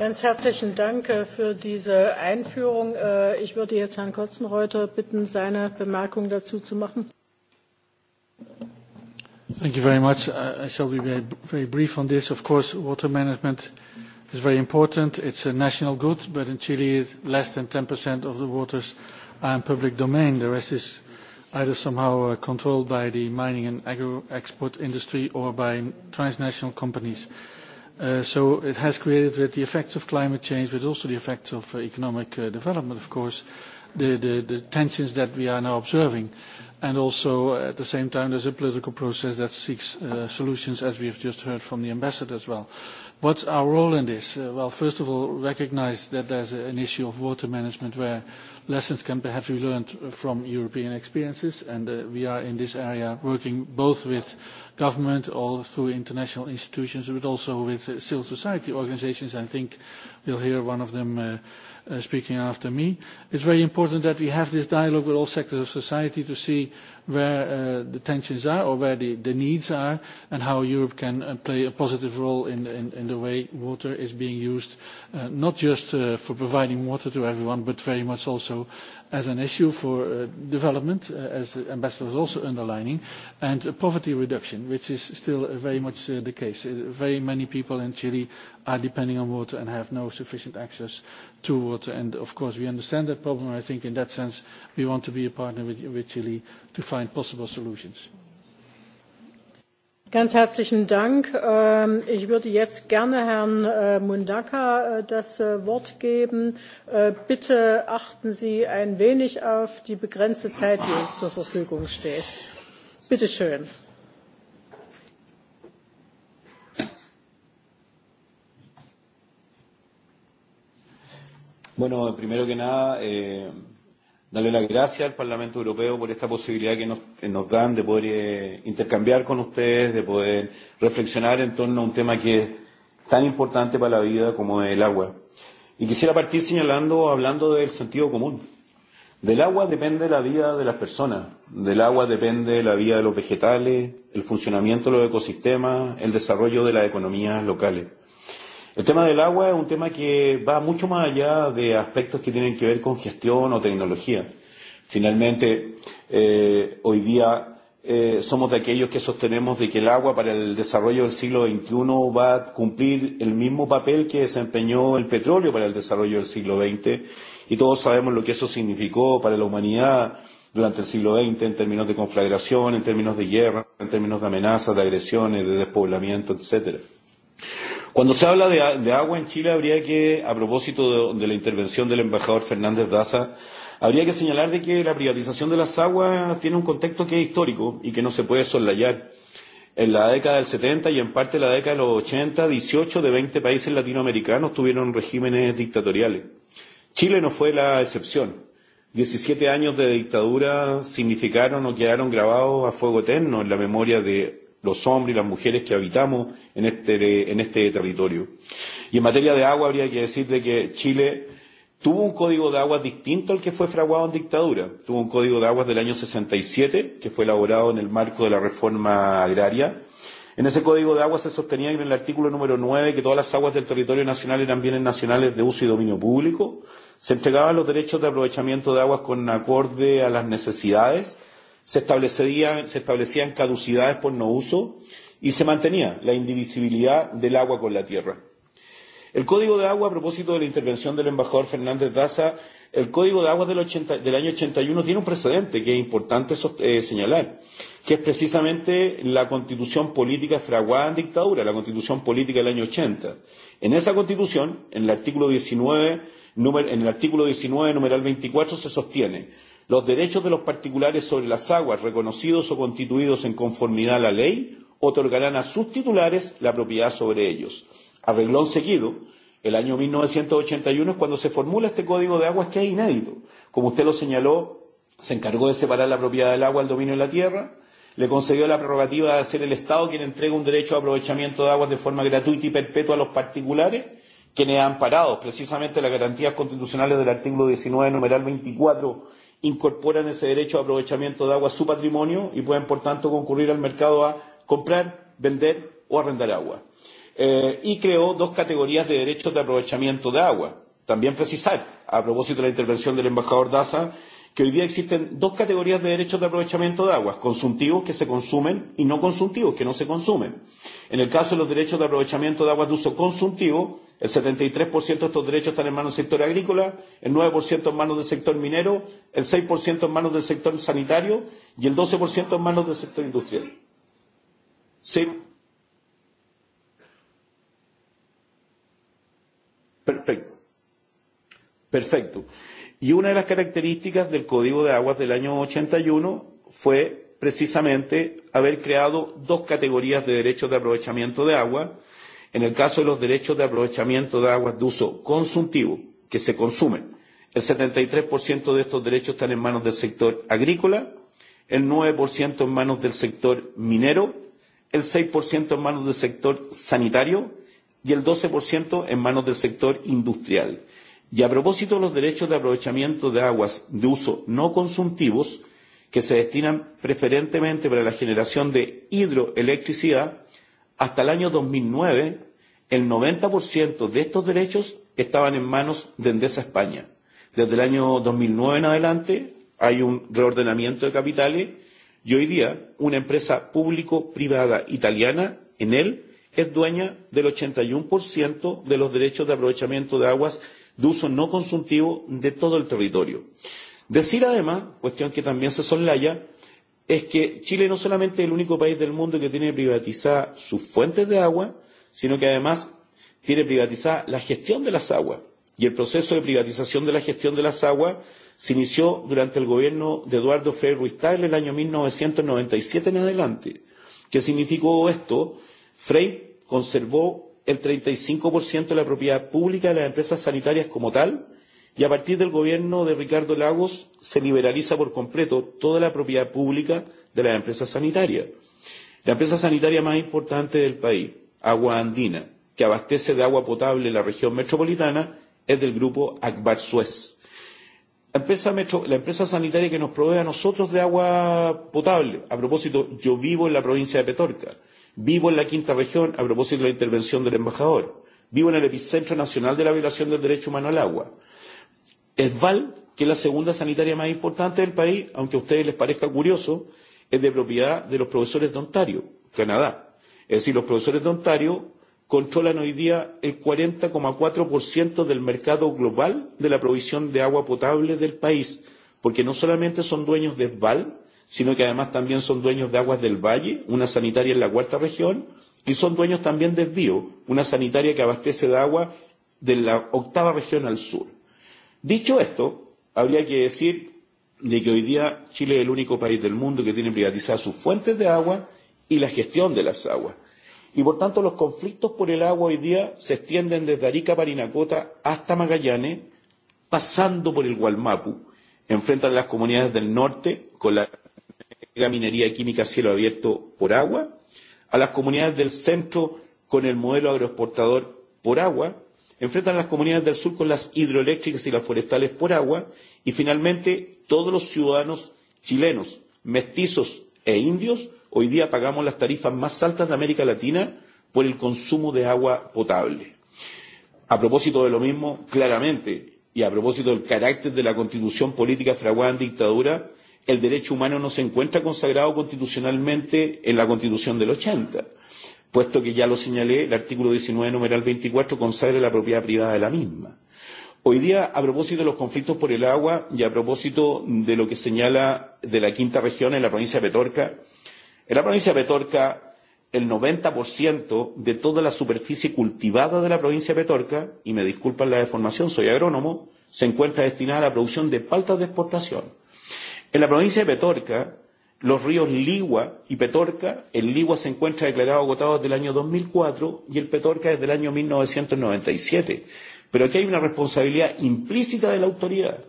Ganz herzlichen Dank für diese Einführung. Ich würde jetzt Herrn Kotzenreuter bitten, seine Bemerkung dazu zu machen. Thank you very much. I shall be very brief on this. Of course, water management is very important. It's a national good, but in Chile, less than 10% of the waters are in public domain. The rest is either somehow controlled by the mining and agro-export industry or by transnational companies. So it has created with the effects of climate change, but also the effects of economic development, of course, the tensions that we are now observing. And also, at the same time, there's a political process that seeks solutions, as we have just heard from the ambassador as well. What's our role in this? Well, first of all, recognize that there's an issue of water management where lessons can perhaps be learned from European experiences, and we are in this area working both with government or through international institutions, but also with civil society organizations. I think we'll hear one of them speaking after me. It's very important that we have this dialogue with all sectors of society to see where the tensions are or where the needs are and how Europe can play a positive role in the way water is being used, not just for providing water to everyone, but very much also as an issue for development, as the ambassador was also underlining, and poverty reduction, which is still very much the case. Very many people in Chile are depending on water and have no sufficient access to water. And, of course, we understand that problem. I think in that sense we want to be a partner with Chile to find possible solutions. Ganz herzlichen Dank. Ich würde jetzt gerne Herrn Mundaka das Wort geben. Bitte achten Sie ein wenig auf die begrenzte Zeit, die uns zur Verfügung steht. Bitte schön. Bueno, primero que nada, darle las gracias al Parlamento Europeo por esta posibilidad que nos, nos dan de poder intercambiar con ustedes, de poder reflexionar en torno a un tema que es tan importante para la vida como el agua. Y quisiera partir señalando, hablando del sentido común. Del agua depende la vida de las personas, del agua depende la vida de los vegetales, el funcionamiento de los ecosistemas, el desarrollo de las economías locales. El tema del agua es un tema que va mucho más allá de aspectos que tienen que ver con gestión o tecnología. Finalmente, eh, hoy día eh, somos de aquellos que sostenemos de que el agua para el desarrollo del siglo XXI va a cumplir el mismo papel que desempeñó el petróleo para el desarrollo del siglo XX y todos sabemos lo que eso significó para la humanidad durante el siglo XX en términos de conflagración, en términos de guerra, en términos de amenazas, de agresiones, de despoblamiento, etcétera. Cuando se habla de, de agua en Chile, habría que, a propósito de, de la intervención del embajador Fernández Daza, habría que señalar de que la privatización de las aguas tiene un contexto que es histórico y que no se puede soslayar. En la década del 70 y en parte de la década de los 80, 18 de 20 países latinoamericanos tuvieron regímenes dictatoriales. Chile no fue la excepción. 17 años de dictadura significaron o quedaron grabados a fuego eterno en la memoria de los hombres y las mujeres que habitamos en este, en este territorio. Y en materia de agua habría que decir de que Chile tuvo un código de aguas distinto al que fue fraguado en dictadura. Tuvo un código de aguas del año 67 que fue elaborado en el marco de la reforma agraria. En ese código de aguas se sostenía en el artículo número 9 que todas las aguas del territorio nacional eran bienes nacionales de uso y dominio público. Se entregaban los derechos de aprovechamiento de aguas con acorde a las necesidades se establecían, se establecían caducidades por no uso y se mantenía la indivisibilidad del agua con la tierra. El Código de Agua, a propósito de la intervención del embajador Fernández Daza, el Código de Agua del, 80, del año 81 tiene un precedente que es importante señalar, que es precisamente la constitución política fraguada en dictadura, la constitución política del año 80. En esa constitución, en el artículo 19, en el artículo 19, numeral 24, se sostiene los derechos de los particulares sobre las aguas reconocidos o constituidos en conformidad a la ley otorgarán a sus titulares la propiedad sobre ellos. A renglón seguido, el año 1981 es cuando se formula este Código de Aguas que es inédito. Como usted lo señaló, se encargó de separar la propiedad del agua al dominio de la tierra, le concedió la prerrogativa de ser el Estado quien entrega un derecho de aprovechamiento de aguas de forma gratuita y perpetua a los particulares, quienes han parado precisamente las garantías constitucionales del artículo 19, numeral 24 incorporan ese derecho de aprovechamiento de agua a su patrimonio y pueden, por tanto, concurrir al mercado a comprar, vender o arrendar agua. Y creó dos categorías de derechos de aprovechamiento de agua. También precisar, a propósito de la intervención del embajador Daza, que hoy día existen dos categorías de derechos de aprovechamiento de aguas, consumtivos que se consumen y no consumtivos que no se consumen. En el caso de los derechos de aprovechamiento de aguas de uso consumtivo, el 73% de estos derechos están en manos del sector agrícola, el 9% en manos del sector minero, el 6% en manos del sector sanitario y el 12% en manos del sector industrial. Sí. Perfecto. Perfecto. Y una de las características del Código de Aguas del año 81 fue precisamente haber creado dos categorías de derechos de aprovechamiento de agua. En el caso de los derechos de aprovechamiento de aguas de uso consultivo, que se consumen, el 73% de estos derechos están en manos del sector agrícola, el 9% en manos del sector minero, el 6% en manos del sector sanitario y el 12% en manos del sector industrial. Y a propósito de los derechos de aprovechamiento de aguas de uso no consumtivos, que se destinan preferentemente para la generación de hidroelectricidad, hasta el año 2009 el 90% de estos derechos estaban en manos de Endesa España. Desde el año 2009 en adelante hay un reordenamiento de capitales y hoy día una empresa público-privada italiana, en él es dueña del 81% de los derechos de aprovechamiento de aguas de uso no consultivo de todo el territorio. Decir además, cuestión que también se soslaya, es que Chile no solamente es el único país del mundo que tiene privatizadas sus fuentes de agua, sino que además tiene privatizada la gestión de las aguas. Y el proceso de privatización de la gestión de las aguas se inició durante el gobierno de Eduardo Frei Ruiz en el año 1997 en adelante. ¿Qué significó esto? Frei conservó el 35% de la propiedad pública de las empresas sanitarias como tal, y a partir del gobierno de Ricardo Lagos se liberaliza por completo toda la propiedad pública de las empresas sanitarias. La empresa sanitaria más importante del país, Agua Andina, que abastece de agua potable la región metropolitana, es del grupo Akbar Suez. La empresa sanitaria que nos provee a nosotros de agua potable, a propósito, yo vivo en la provincia de Petorca, Vivo en la quinta región, a propósito de la intervención del embajador. Vivo en el epicentro nacional de la violación del derecho humano al agua. Esval, que es la segunda sanitaria más importante del país, aunque a ustedes les parezca curioso, es de propiedad de los profesores de Ontario, Canadá. Es decir, los profesores de Ontario controlan hoy día el 40,4% del mercado global de la provisión de agua potable del país, porque no solamente son dueños de Esval, sino que además también son dueños de Aguas del Valle, una sanitaria en la cuarta región, y son dueños también de Bio, una sanitaria que abastece de agua de la octava región al sur. Dicho esto, habría que decir de que hoy día Chile es el único país del mundo que tiene privatizadas sus fuentes de agua y la gestión de las aguas. Y por tanto los conflictos por el agua hoy día se extienden desde Arica, Parinacota hasta Magallanes, pasando por el Gualmapu, enfrentan las comunidades del norte con la la minería química cielo abierto por agua, a las comunidades del centro con el modelo agroexportador por agua, enfrentan a las comunidades del sur con las hidroeléctricas y las forestales por agua, y finalmente todos los ciudadanos chilenos, mestizos e indios, hoy día pagamos las tarifas más altas de América Latina por el consumo de agua potable. A propósito de lo mismo, claramente, y a propósito del carácter de la constitución política fraguada en dictadura, el derecho humano no se encuentra consagrado constitucionalmente en la Constitución del 80, puesto que ya lo señalé, el artículo 19, numeral 24, consagra la propiedad privada de la misma. Hoy día, a propósito de los conflictos por el agua y a propósito de lo que señala de la quinta región en la provincia de Petorca, en la provincia de Petorca el 90% de toda la superficie cultivada de la provincia de Petorca, y me disculpan la deformación, soy agrónomo, se encuentra destinada a la producción de paltas de exportación En la provincia de Petorca, los ríos Ligua y Petorca, el Ligua se encuentra declarado agotado desde el año 2004 y el Petorca desde el año 1997. Pero aquí hay una responsabilidad implícita de la autoridad.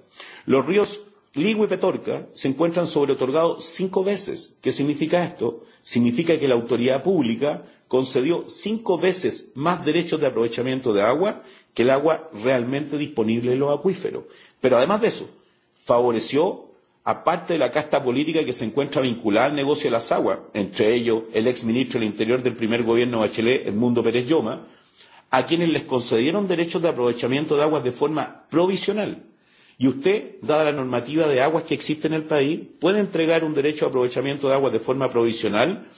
Los ríos Ligua y Petorca se encuentran sobreotorgados cinco veces. ¿Qué significa esto? Significa que la autoridad pública concedió cinco veces más derechos de aprovechamiento de agua que el agua realmente disponible en los acuíferos. Pero además de eso, favoreció aparte de la casta política que se encuentra vinculada al negocio de las aguas, entre ellos el ex ministro del Interior del primer gobierno Bachelet, Edmundo Pérez Lloma, a quienes les concedieron derechos de aprovechamiento de aguas de forma provisional. Y usted, dada la normativa de aguas que existe en el país, puede entregar un derecho de aprovechamiento de aguas de forma provisional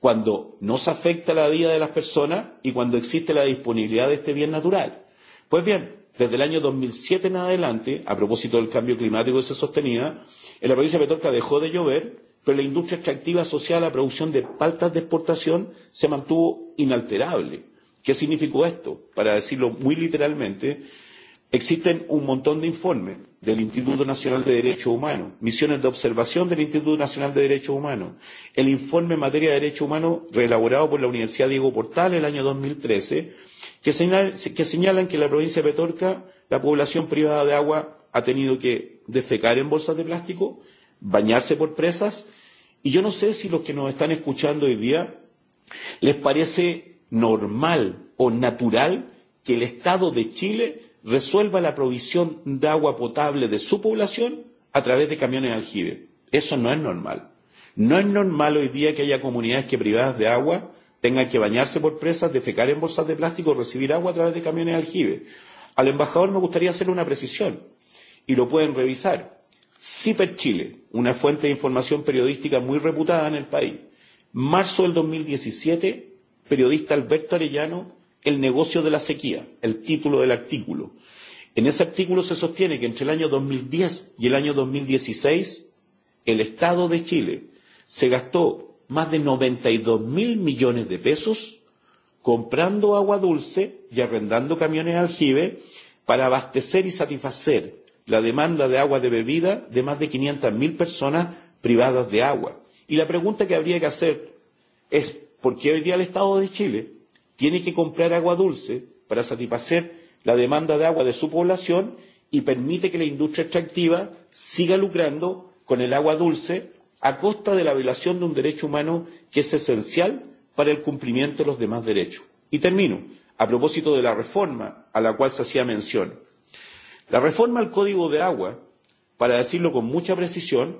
cuando no se afecta la vida de las personas y cuando existe la disponibilidad de este bien natural. Pues bien, Desde el año 2007 en adelante, a propósito del cambio climático que se sostenía, en la provincia de Petorca dejó de llover, pero la industria extractiva asociada a la producción de paltas de exportación se mantuvo inalterable. ¿Qué significó esto? Para decirlo muy literalmente, Existen un montón de informes del Instituto Nacional de Derechos Humanos, misiones de observación del Instituto Nacional de Derechos Humanos, el informe en materia de derechos humanos reelaborado por la Universidad Diego Portal en el año 2013, que señalan que en la provincia de Petorca la población privada de agua ha tenido que defecar en bolsas de plástico, bañarse por presas, y yo no sé si los que nos están escuchando hoy día les parece normal o natural que el Estado de Chile resuelva la provisión de agua potable de su población a través de camiones de aljibe. Eso no es normal. No es normal hoy día que haya comunidades que privadas de agua tengan que bañarse por presas, defecar en bolsas de plástico, recibir agua a través de camiones aljibe. Al embajador me gustaría hacer una precisión y lo pueden revisar. CIPER Chile, una fuente de información periodística muy reputada en el país. Marzo del 2017, periodista Alberto Arellano el negocio de la sequía, el título del artículo. En ese artículo se sostiene que entre el año 2010 y el año 2016 el Estado de Chile se gastó más de 92 mil millones de pesos comprando agua dulce y arrendando camiones aljibe para abastecer y satisfacer la demanda de agua de bebida de más de mil personas privadas de agua. Y la pregunta que habría que hacer es, ¿por qué hoy día el Estado de Chile tiene que comprar agua dulce para satisfacer la demanda de agua de su población y permite que la industria extractiva siga lucrando con el agua dulce a costa de la violación de un derecho humano que es esencial para el cumplimiento de los demás derechos. Y termino, a propósito de la reforma a la cual se hacía mención. La reforma al Código de Agua, para decirlo con mucha precisión,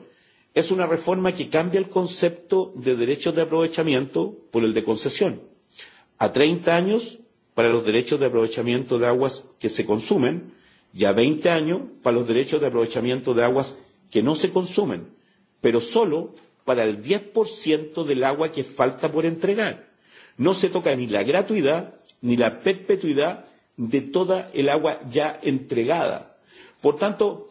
es una reforma que cambia el concepto de derechos de aprovechamiento por el de concesión a 30 años para los derechos de aprovechamiento de aguas que se consumen y a 20 años para los derechos de aprovechamiento de aguas que no se consumen, pero solo para el 10% del agua que falta por entregar. No se toca ni la gratuidad ni la perpetuidad de toda el agua ya entregada. Por tanto,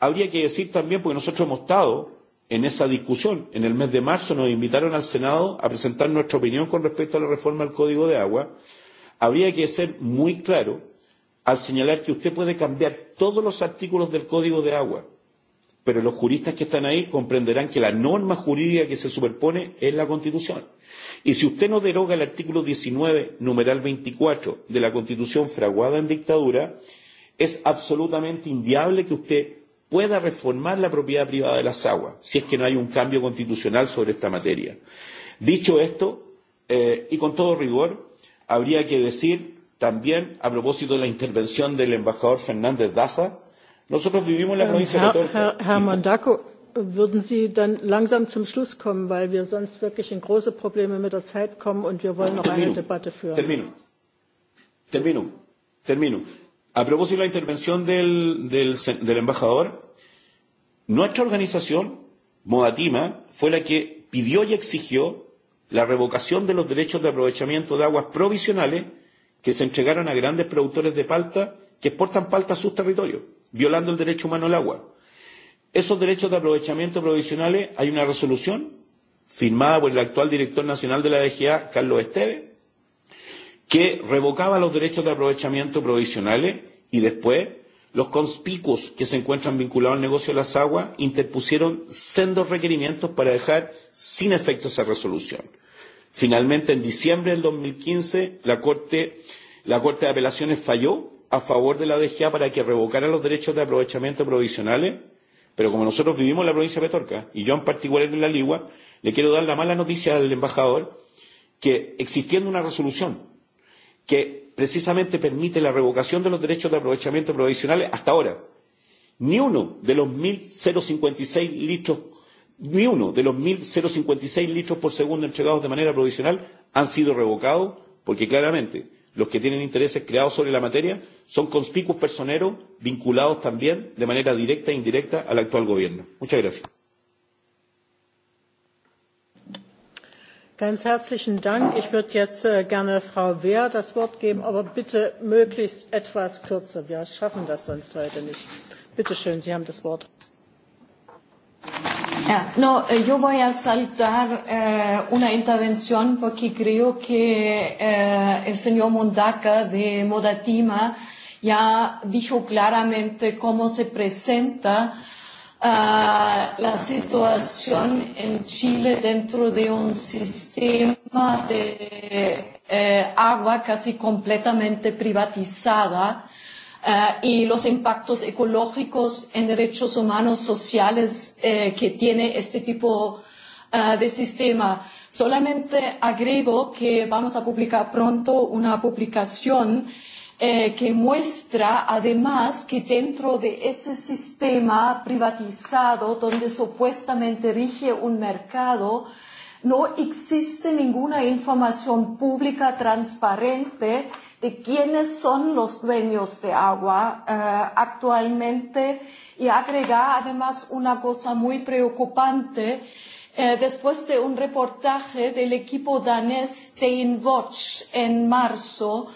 habría que decir también, porque nosotros hemos estado en esa discusión. En el mes de marzo nos invitaron al Senado a presentar nuestra opinión con respecto a la reforma del Código de Agua. Habría que ser muy claro al señalar que usted puede cambiar todos los artículos del Código de Agua, pero los juristas que están ahí comprenderán que la norma jurídica que se superpone es la Constitución. Y si usted no deroga el artículo 19, numeral 24 de la Constitución fraguada en dictadura, es absolutamente inviable que usted pueda reformar la propiedad privada de las aguas, si es que no hay un cambio constitucional sobre esta materia. Dicho esto, y con todo rigor, habría que decir también, a propósito de la intervención del embajador Fernández Daza, nosotros vivimos en la provincia de Torca. Herr Mandaco, würden Sie dann langsam zum Schluss kommen, weil wir sonst wirklich in große Probleme mit der Zeit kommen und wir wollen noch eine Debatte führen. Termino. Termino. Termino. A propósito de la intervención del, del, del embajador, nuestra organización, Modatima, fue la que pidió y exigió la revocación de los derechos de aprovechamiento de aguas provisionales que se entregaron a grandes productores de palta que exportan palta a sus territorios, violando el derecho humano al agua. Esos derechos de aprovechamiento provisionales hay una resolución firmada por el actual director nacional de la DGA, Carlos Esteves, que revocaba los derechos de aprovechamiento provisionales y después los conspicuos que se encuentran vinculados al negocio de las aguas interpusieron sendos requerimientos para dejar sin efecto esa resolución. Finalmente, en diciembre del 2015, la Corte, la Corte de Apelaciones falló a favor de la DGA para que revocara los derechos de aprovechamiento provisionales, pero como nosotros vivimos en la provincia de Petorca, y yo en particular en la Ligua, le quiero dar la mala noticia al embajador que existiendo una resolución que precisamente permite la revocación de los derechos de aprovechamiento provisionales hasta ahora. Ni uno de los 1.056 litros, ni uno de los 1.056 litros por segundo entregados de manera provisional han sido revocados porque claramente los que tienen intereses creados sobre la materia son conspicuos personeros vinculados también de manera directa e indirecta al actual gobierno. Muchas gracias. Ganz herzlichen Dank. Ich würde jetzt gerne Frau Wehr das Wort geben, aber bitte möglichst etwas kürzer. Wir schaffen das sonst heute nicht. Bitte schön, Sie haben das Wort. No, yo voy a saltar una intervención porque creo que el señor Mondaca de Modatima ya dijo claramente cómo se presenta la situación en Chile dentro de un sistema de agua casi completamente privatizada y los impactos ecológicos en derechos humanos sociales que tiene este tipo de sistema. Solamente agrego que vamos a publicar pronto una publicación que muestra además que dentro de ese sistema privatizado donde supuestamente rige un mercado no existe ninguna información pública transparente de quiénes son los dueños de agua actualmente y agrega además una cosa muy preocupante después de un reportaje del equipo danés Steinwatch en marzo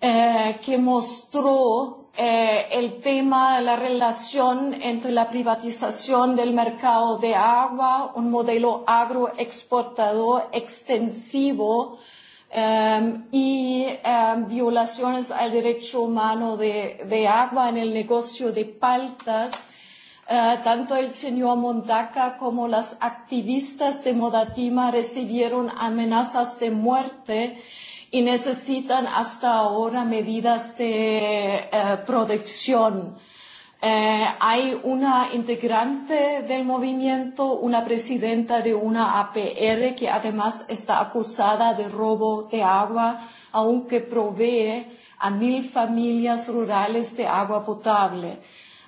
que mostró el tema, de la relación entre la privatización del mercado de agua, un modelo agroexportador extensivo y violaciones al derecho humano de agua en el negocio de paltas. Tanto el señor Mondaca como las activistas de Modatima recibieron amenazas de muerte y necesitan hasta ahora medidas de protección. Hay una integrante del movimiento, una presidenta de una APR que además está acusada de robo de agua, aunque provee a mil familias rurales de agua potable.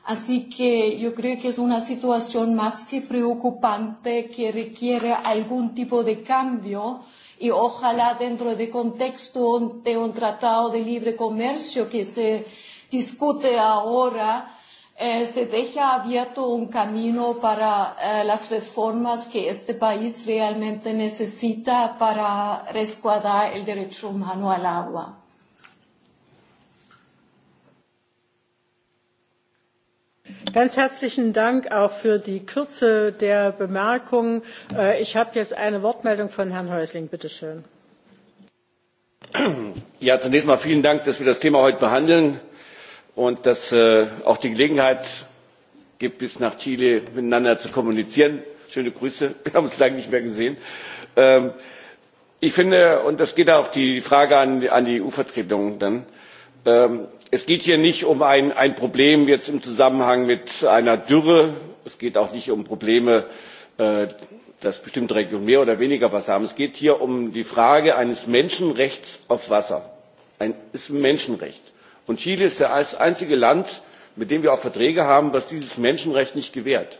Así que yo creo que es una situación más que preocupante que requiere algún tipo de cambio y ojalá dentro del contexto de un tratado de libre comercio que se discute ahora se deja abierto un camino para las reformas que este país realmente necesita para resguardar el derecho humano al agua. Ganz herzlichen Dank auch für die Kürze der Bemerkungen. Ich habe jetzt eine Wortmeldung von Herrn Häusling. Bitte schön. zunächst mal vielen Dank, dass wir das Thema heute behandeln und dass es auch die Gelegenheit gibt, bis nach Chile miteinander zu kommunizieren. Schöne Grüße. Wir haben uns lange nicht mehr gesehen. Ich finde, und das geht auch die Frage an die EU-Vertretung dann, es geht hier nicht um ein problem jetzt im zusammenhang mit einer dürre es geht auch nicht um probleme dass bestimmte regionen mehr oder weniger wasser haben es geht hier um die frage eines menschenrechts auf wasser. es ist ein menschenrecht und chile ist das einzige land mit dem wir auch verträge haben das dieses menschenrecht nicht gewährt.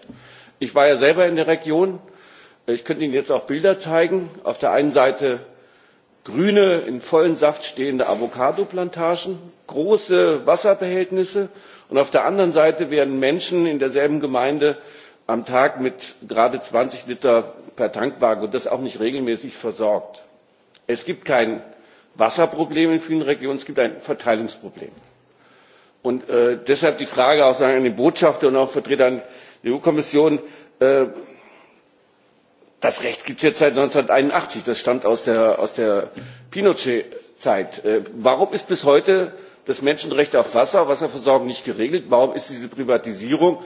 ich war ja selber in der region ich könnte ihnen jetzt auch bilder zeigen auf der einen seite grüne, in vollem Saft stehende Avocadoplantagen, große Wasserbehältnisse und auf der anderen Seite werden Menschen in derselben Gemeinde am Tag mit gerade 20 Liter per Tankwagen und das auch nicht regelmäßig versorgt. Es gibt kein Wasserproblem in vielen Regionen, es gibt ein Verteilungsproblem. deshalb die Frage auch an den Botschafter und auch Vertretern der EU-Kommission, das recht gibt es jetzt seit 1981. das stammt aus der pinochet zeit. warum ist bis heute das menschenrecht auf wasser wasserversorgung nicht geregelt? warum ist diese privatisierung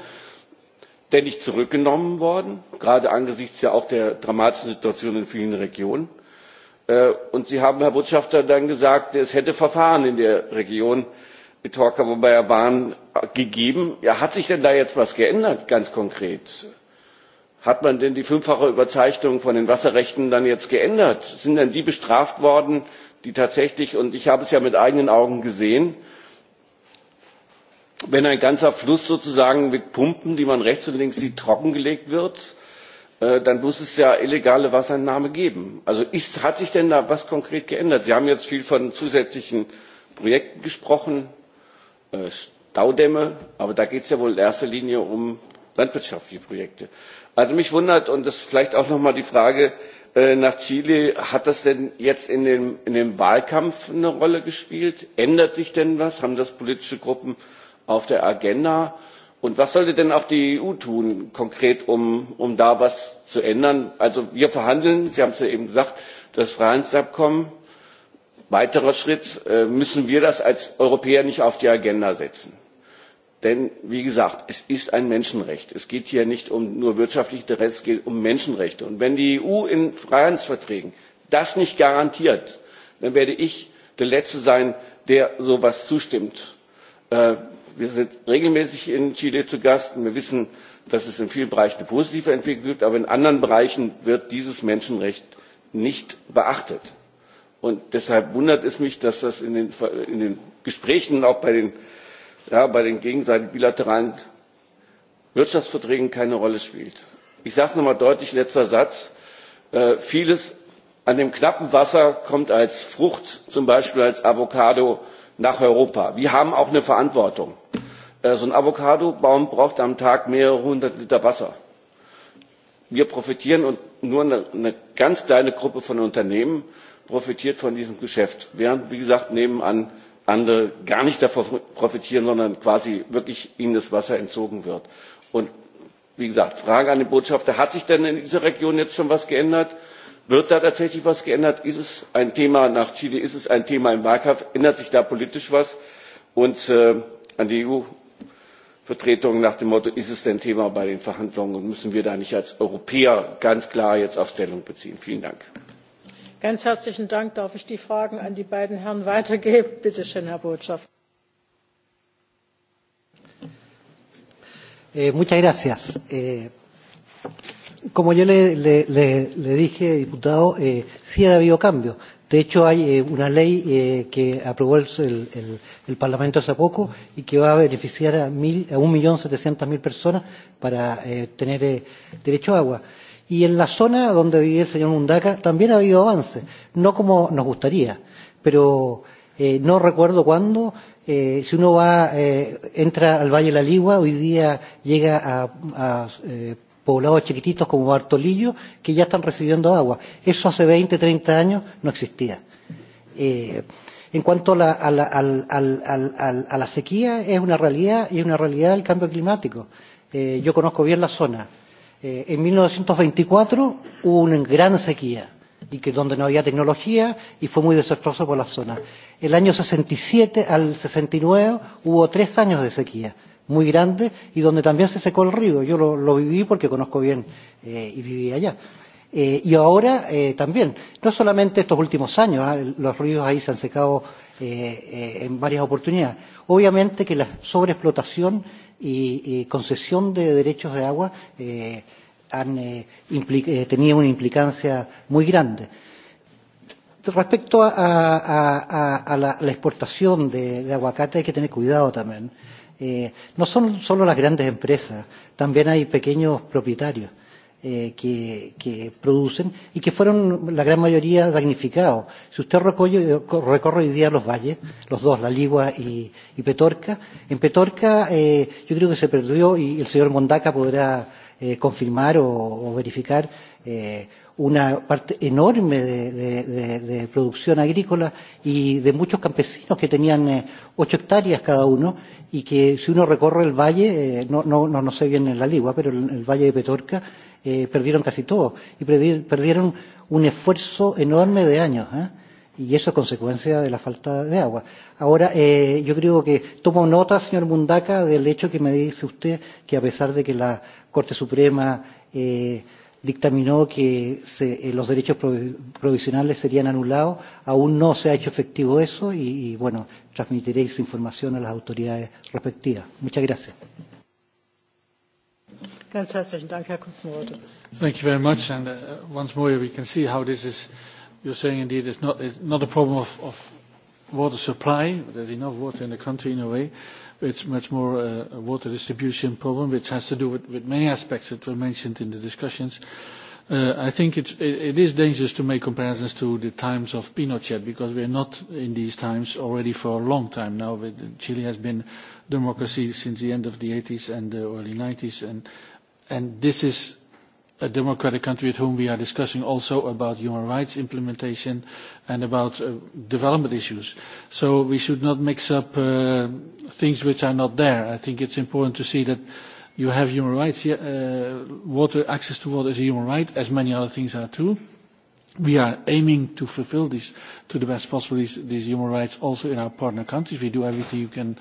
denn nicht zurückgenommen worden gerade angesichts auch der dramatischen situation in vielen regionen? und sie haben herr botschafter dann gesagt es hätte verfahren in der region mit wobei wir waren gegeben. hat sich denn da jetzt etwas geändert ganz konkret? hat man denn die fünffache überzeichnung von den wasserrechten dann jetzt geändert? sind denn die bestraft worden die tatsächlich und ich habe es ja mit eigenen augen gesehen wenn ein ganzer fluss sozusagen mit pumpen die man rechts und links sieht trockengelegt wird dann muss es ja illegale wasserentnahme geben. also hat sich denn da etwas konkret geändert? sie haben jetzt viel von zusätzlichen projekten gesprochen staudämme aber da geht es ja wohl in erster linie um landwirtschaftliche Projekte. Also mich wundert, und das ist vielleicht auch noch mal die Frage nach Chile, hat das denn jetzt in dem Wahlkampf eine Rolle gespielt? Ändert sich denn was? Haben das politische Gruppen auf der Agenda? Und was sollte denn auch die EU tun, konkret, um da etwas zu ändern? Also wir verhandeln, Sie haben es ja eben gesagt, das Freihandelsabkommen. Weiterer Schritt, müssen wir das als Europäer nicht auf die Agenda setzen? Denn, wie gesagt, es ist ein Menschenrecht. Es geht hier nicht um nur wirtschaftliche Interessen, es geht um Menschenrechte. Und wenn die EU in Freihandelsverträgen das nicht garantiert, dann werde ich der Letzte sein, der so etwas zustimmt. Wir sind regelmäßig in Chile zu Gast und wir wissen, dass es in vielen Bereichen eine positive Entwicklung gibt, aber in anderen Bereichen wird dieses Menschenrecht nicht beachtet. Und deshalb wundert es mich, dass das in den Gesprächen, und auch bei den bei den gegenseitigen bilateralen wirtschaftsverträgen keine rolle spielt. ich sage es noch einmal deutlich letzter satz vieles an dem knappen wasser kommt als frucht zum beispiel als avocado nach europa. wir haben auch eine verantwortung. so ein Avocado Baum braucht am tag mehrere hundert liter wasser. wir profitieren und nur eine ganz kleine gruppe von unternehmen profitiert von diesem geschäft während wie gesagt nebenan andere gar nicht davon profitieren, sondern quasi wirklich ihnen das Wasser entzogen wird. Und wie gesagt, Frage an den Botschafter, hat sich denn in dieser Region jetzt schon was geändert? Wird da tatsächlich was geändert? Ist es ein Thema nach Chile? Ist es ein Thema im Wahlkampf? Ändert sich da politisch was? Und an die EU-Vertretung nach dem Motto, ist es denn Thema bei den Verhandlungen und müssen wir da nicht als Europäer ganz klar jetzt auf Stellung beziehen? Vielen Dank. Ganz herzlichen Dank. Darf ich die Fragen an die beiden Herren weitergeben? Bitte schön, Herr Botschafter. Muchas gracias. Como yo le dije, diputado, sí ha habido cambios. De hecho, hay una ley que aprobó el Parlamento hace poco y que va a beneficiar a 1.700.000 personas para tener derecho a agua. Y en la zona donde vivía el señor Mundaca también ha habido avance, no como nos gustaría, pero eh, no recuerdo cuándo. Eh, si uno va, eh, entra al Valle de la Ligua, hoy día llega a, a poblados chiquititos como Bartolillo, que ya están recibiendo agua. Eso hace 20, 30 años no existía. Eh, en cuanto a la, a, la, al, al, al, a la sequía, es una realidad y es una realidad el cambio climático. Eh, yo conozco bien la zona en 1924 hubo una gran sequía y que donde no había tecnología y fue muy desastroso por la zona. El año 67 al 69 hubo tres años de sequía muy grande y donde también se secó el río. Yo lo, lo viví porque conozco bien eh, y viví allá. Eh, y ahora eh, también, no solamente estos últimos años, los ríos ahí se han secado eh, en varias oportunidades. Obviamente que la sobreexplotación y concesión de derechos de agua han tenía una implicancia muy grande. Respecto a la exportación de aguacate hay que tener cuidado también. No son solo las grandes empresas, también hay pequeños propietarios que, que producen y que fueron la gran mayoría damnificados. Si usted recorre hoy día los valles, los dos, La Ligua y, y Petorca, en Petorca eh, yo creo que se perdió y el señor Mondaca podrá eh, confirmar o, verificar eh, una parte enorme de, de, de, de producción agrícola y de muchos campesinos que tenían ocho hectáreas cada uno y que si uno recorre el valle, no, no, no, sé bien en la Ligua, pero el, el valle de Petorca, perdieron casi todo y perdieron un esfuerzo enorme de años. Y eso es consecuencia de la falta de agua. Ahora, eh, yo creo que tomo nota, señor Mundaca, del hecho que me dice usted que a pesar de que la Corte Suprema eh, dictaminó que se, los derechos provisionales serían anulados, aún no se ha hecho efectivo eso y, y bueno, transmitiré esa información a las autoridades respectivas. Muchas gracias. Ganz Thank you very much. And once more, we can see how this is, you're saying indeed, it's not, it's not a problem of, of water supply. There's enough water in the country in a way. It's much more a water distribution problem, which has to do with, with many aspects that were mentioned in the discussions. I think it's, it is dangerous to make comparisons to the times of Pinochet because we are not in these times already for a long time now. Chile has been democracy since the end of the 80s and the early 90s and and this is a democratic country with whom we are discussing also about human rights implementation and about development issues. So we should not mix up things which are not there. I think it's important to see that you have human rights. Water, access to water is a human right, as many other things are too. We are aiming to fulfil these to the best possible these human rights also in our partner countries. We do everything you can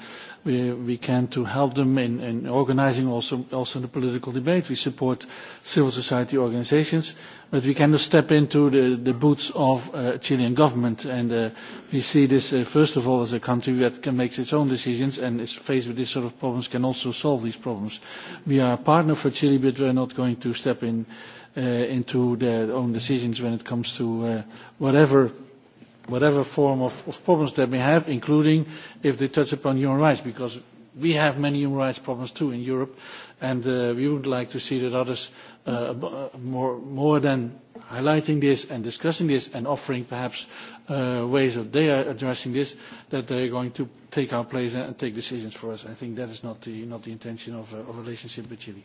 we can to help them in organizing also also the political debate. We support civil society organizations, but we cannot step into the boots of Chilean government. And we see this, first of all, as a country that can make its own decisions and is faced with these sort of problems, can also solve these problems. We are a partner for Chile, but we are not going to step in into their own decisions when it comes to whatever whatever form of problems they may have, including if they touch upon human rights, because we have many human rights problems too in Europe, and we would like to see that others, more than highlighting this and discussing this and offering perhaps ways that they are addressing this, that they are going to take our place and take decisions for us. I think that is not the not the intention of a relationship with Chile.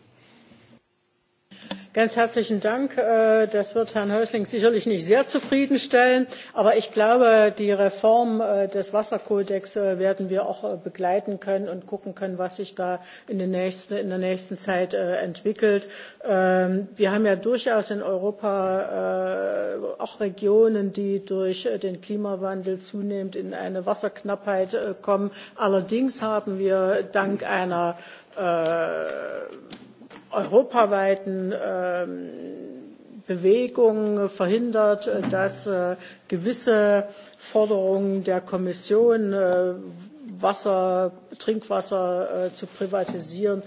Ganz herzlichen Dank. Das wird Herrn Häusling sicherlich nicht sehr zufriedenstellen, aber ich glaube, die Reform des Wasserkodex werden wir auch begleiten können und gucken können, was sich da in der nächsten Zeit entwickelt. Wir haben ja durchaus in Europa auch Regionen, die durch den Klimawandel zunehmend in eine Wasserknappheit kommen. Allerdings haben wir dank einer europaweiten Bewegung verhindert, dass gewisse Forderungen der Kommission, Trinkwasser zu privatisieren,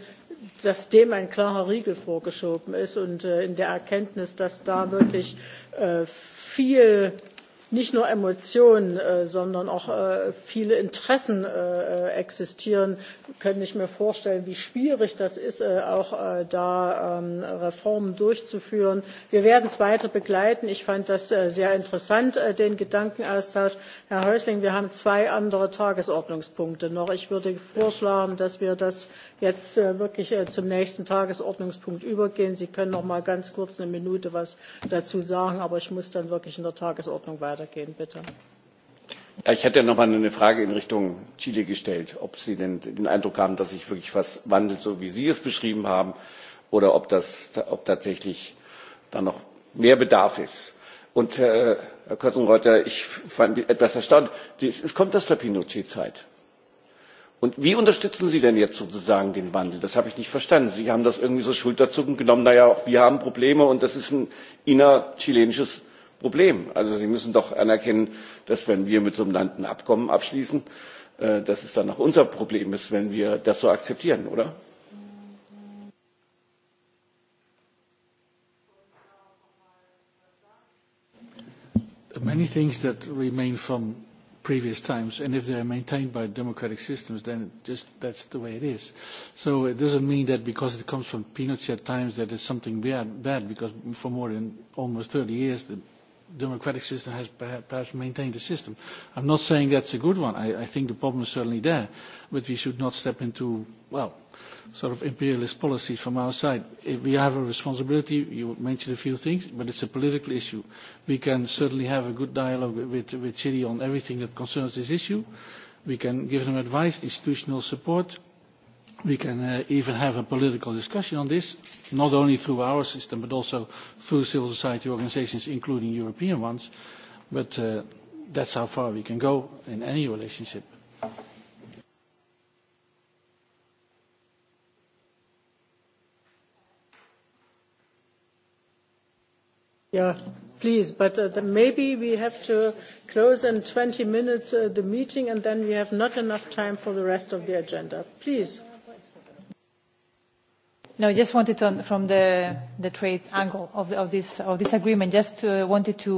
dass dem ein klarer Riegel vorgeschoben ist und in der Erkenntnis, dass da wirklich viel nicht nur Emotionen, sondern auch viele Interessen existieren, können ich mir vorstellen, wie schwierig das ist, auch da Reformen durchzuführen. Wir werden es weiter begleiten. Ich fand das sehr interessant, den Gedankenaustausch. Herr Häusling, wir haben zwei andere Tagesordnungspunkte noch. Ich würde vorschlagen, dass wir das jetzt wirklich zum nächsten Tagesordnungspunkt übergehen. Sie können noch mal ganz kurz eine Minute was dazu sagen, aber ich muss dann wirklich in der Tagesordnung weitergehen, bitte. Ich hätte noch mal eine Frage in Richtung Chile gestellt, ob Sie denn den Eindruck haben, dass sich wirklich was wandelt, so wie Sie es beschrieben haben, oder ob tatsächlich da noch mehr Bedarf ist. Und Herr Kötzenreuther, ich fand etwas erstaunt. Es kommt aus der Pinochet-Zeit. Und wie unterstützen Sie denn jetzt sozusagen den Wandel? Das habe ich nicht verstanden. Sie haben das irgendwie so schulterzuckend genommen, naja, auch wir haben Probleme und das ist ein innerchilenisches Problem. Also Sie müssen doch anerkennen, dass wenn wir mit so einem Land ein Abkommen abschließen, dass es dann auch unser Problem ist, wenn wir das so akzeptieren, oder? previous times, and if they are maintained by democratic systems, then just that's the way it is. So it doesn't mean that because it comes from Pinochet times that it's something bad, because for more than almost 30 years the democratic system has perhaps maintained the system. I'm not saying that's a good one. I I think the problem is certainly there, but we should not step into, well, sort of imperialist policies from our side. We have a responsibility. You mentioned a few things, but it's a political issue. We can certainly have a good dialogue with Chile on everything that concerns this issue. We can give them advice, institutional support we can even have a political discussion on this, not only through our system, but also through civil society organizations, including European ones. But that's how far we can go in any relationship. Yeah, please, but maybe we have to close in 20 minutes the meeting, and then we have not enough time for the rest of the agenda. Please. No, I just wanted from the, trade angle of, this, agreement, just wanted to,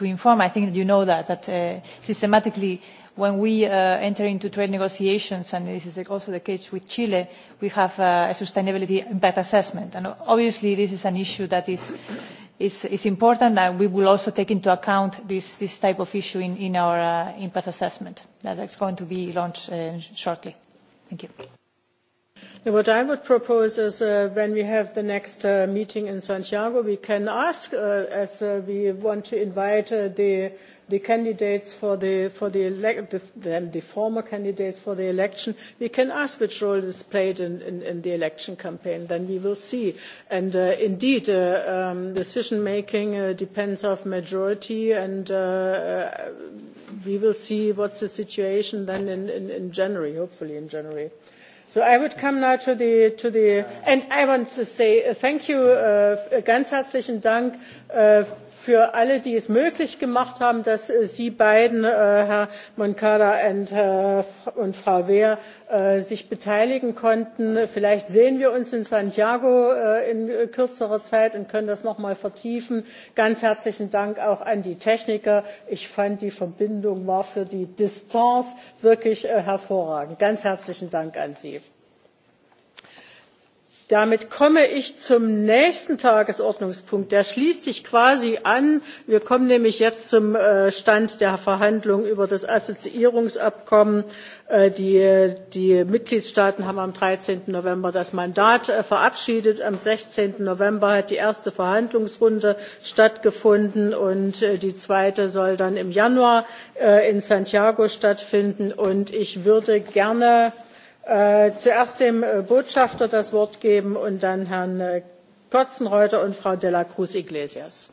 inform, I think you know that, that systematically when we enter into trade negotiations, and this is also the case with Chile, we have a sustainability impact assessment. And obviously this is an issue that is, important, and we will also take into account this, type of issue in, our impact assessment that is going to be launched shortly. Thank you. What I would propose is when we have the next meeting in Santiago, we can ask, as we want to invite the the candidates for the for the then the former candidates for the election, we can ask which role is played in the election campaign. Then we will see. And indeed, decision making depends on majority, and we will see what's the situation then in January, hopefully in January. So I would come now to the, to the, and I want to say thank you, ganz herzlichen Dank für alle, die es möglich gemacht haben, dass Sie beiden, Herr Moncada und Frau Wehr, sich beteiligen konnten. Vielleicht sehen wir uns in Santiago in kürzerer Zeit und können das noch mal vertiefen. Ganz herzlichen Dank auch an die Techniker. Ich fand, die Verbindung war für die Distanz wirklich hervorragend. Ganz herzlichen Dank an Sie damit komme ich zum nächsten tagesordnungspunkt der schließt sich quasi an wir kommen nämlich jetzt zum stand der verhandlungen über das assoziierungsabkommen die mitgliedstaaten haben am. 13. november das mandat verabschiedet am. 16. november hat die erste verhandlungsrunde stattgefunden und die zweite soll dann im januar in santiago stattfinden und ich würde gerne zuerst dem Botschafter das Wort geben und dann Herrn Kotzenreuter und Frau de la Cruz Iglesias.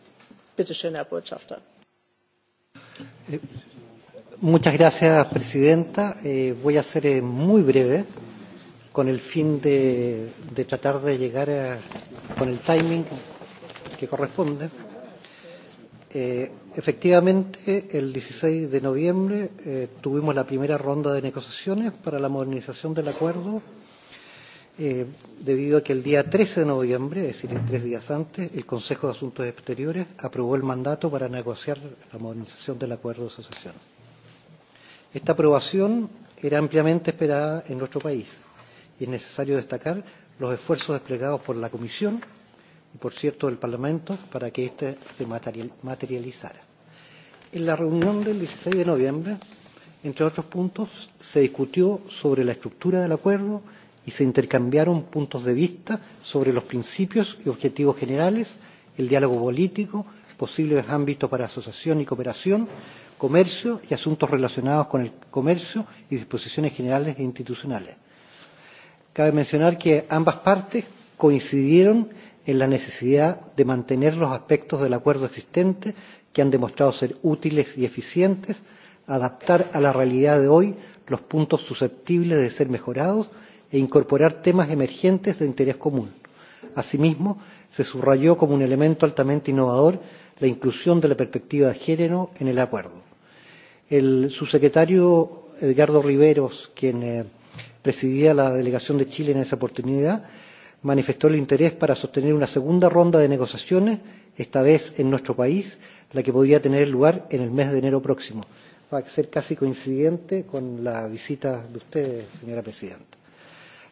Bitte schön, Herr Botschafter. Muchas gracias, Presidenta. Voy a ser muy breve con el fin de tratar de llegar con el timing que corresponde. Efectivamente, el 16 de noviembre tuvimos la primera ronda de negociaciones para la modernización del acuerdo, debido a que el día 13 de noviembre, es decir, tres días antes, el Consejo de Asuntos Exteriores aprobó el mandato para negociar la modernización del acuerdo de asociación. Esta aprobación era ampliamente esperada en nuestro país y es necesario destacar los esfuerzos desplegados por la Comisión y, por cierto, del Parlamento para que éste se materializara. En la reunión del 16 de noviembre, entre otros puntos, se discutió sobre la estructura del acuerdo y se intercambiaron puntos de vista sobre los principios y objetivos generales, el diálogo político, posibles ámbitos para asociación y cooperación, comercio y asuntos relacionados con el comercio y disposiciones generales e institucionales. Cabe mencionar que ambas partes coincidieron en la necesidad de mantener los aspectos del acuerdo existente que han demostrado ser útiles y eficientes, adaptar a la realidad de hoy los puntos susceptibles de ser mejorados e incorporar temas emergentes de interés común. Asimismo, se subrayó como un elemento altamente innovador la inclusión de la perspectiva de género en el acuerdo. El subsecretario Edgardo Riveros, quien presidía la delegación de Chile en esa oportunidad, manifestó el interés para sostener una segunda ronda de negociaciones, esta vez en nuestro país, la que podría tener lugar en el mes de enero próximo. Va a ser casi coincidente con la visita de usted, señora presidenta.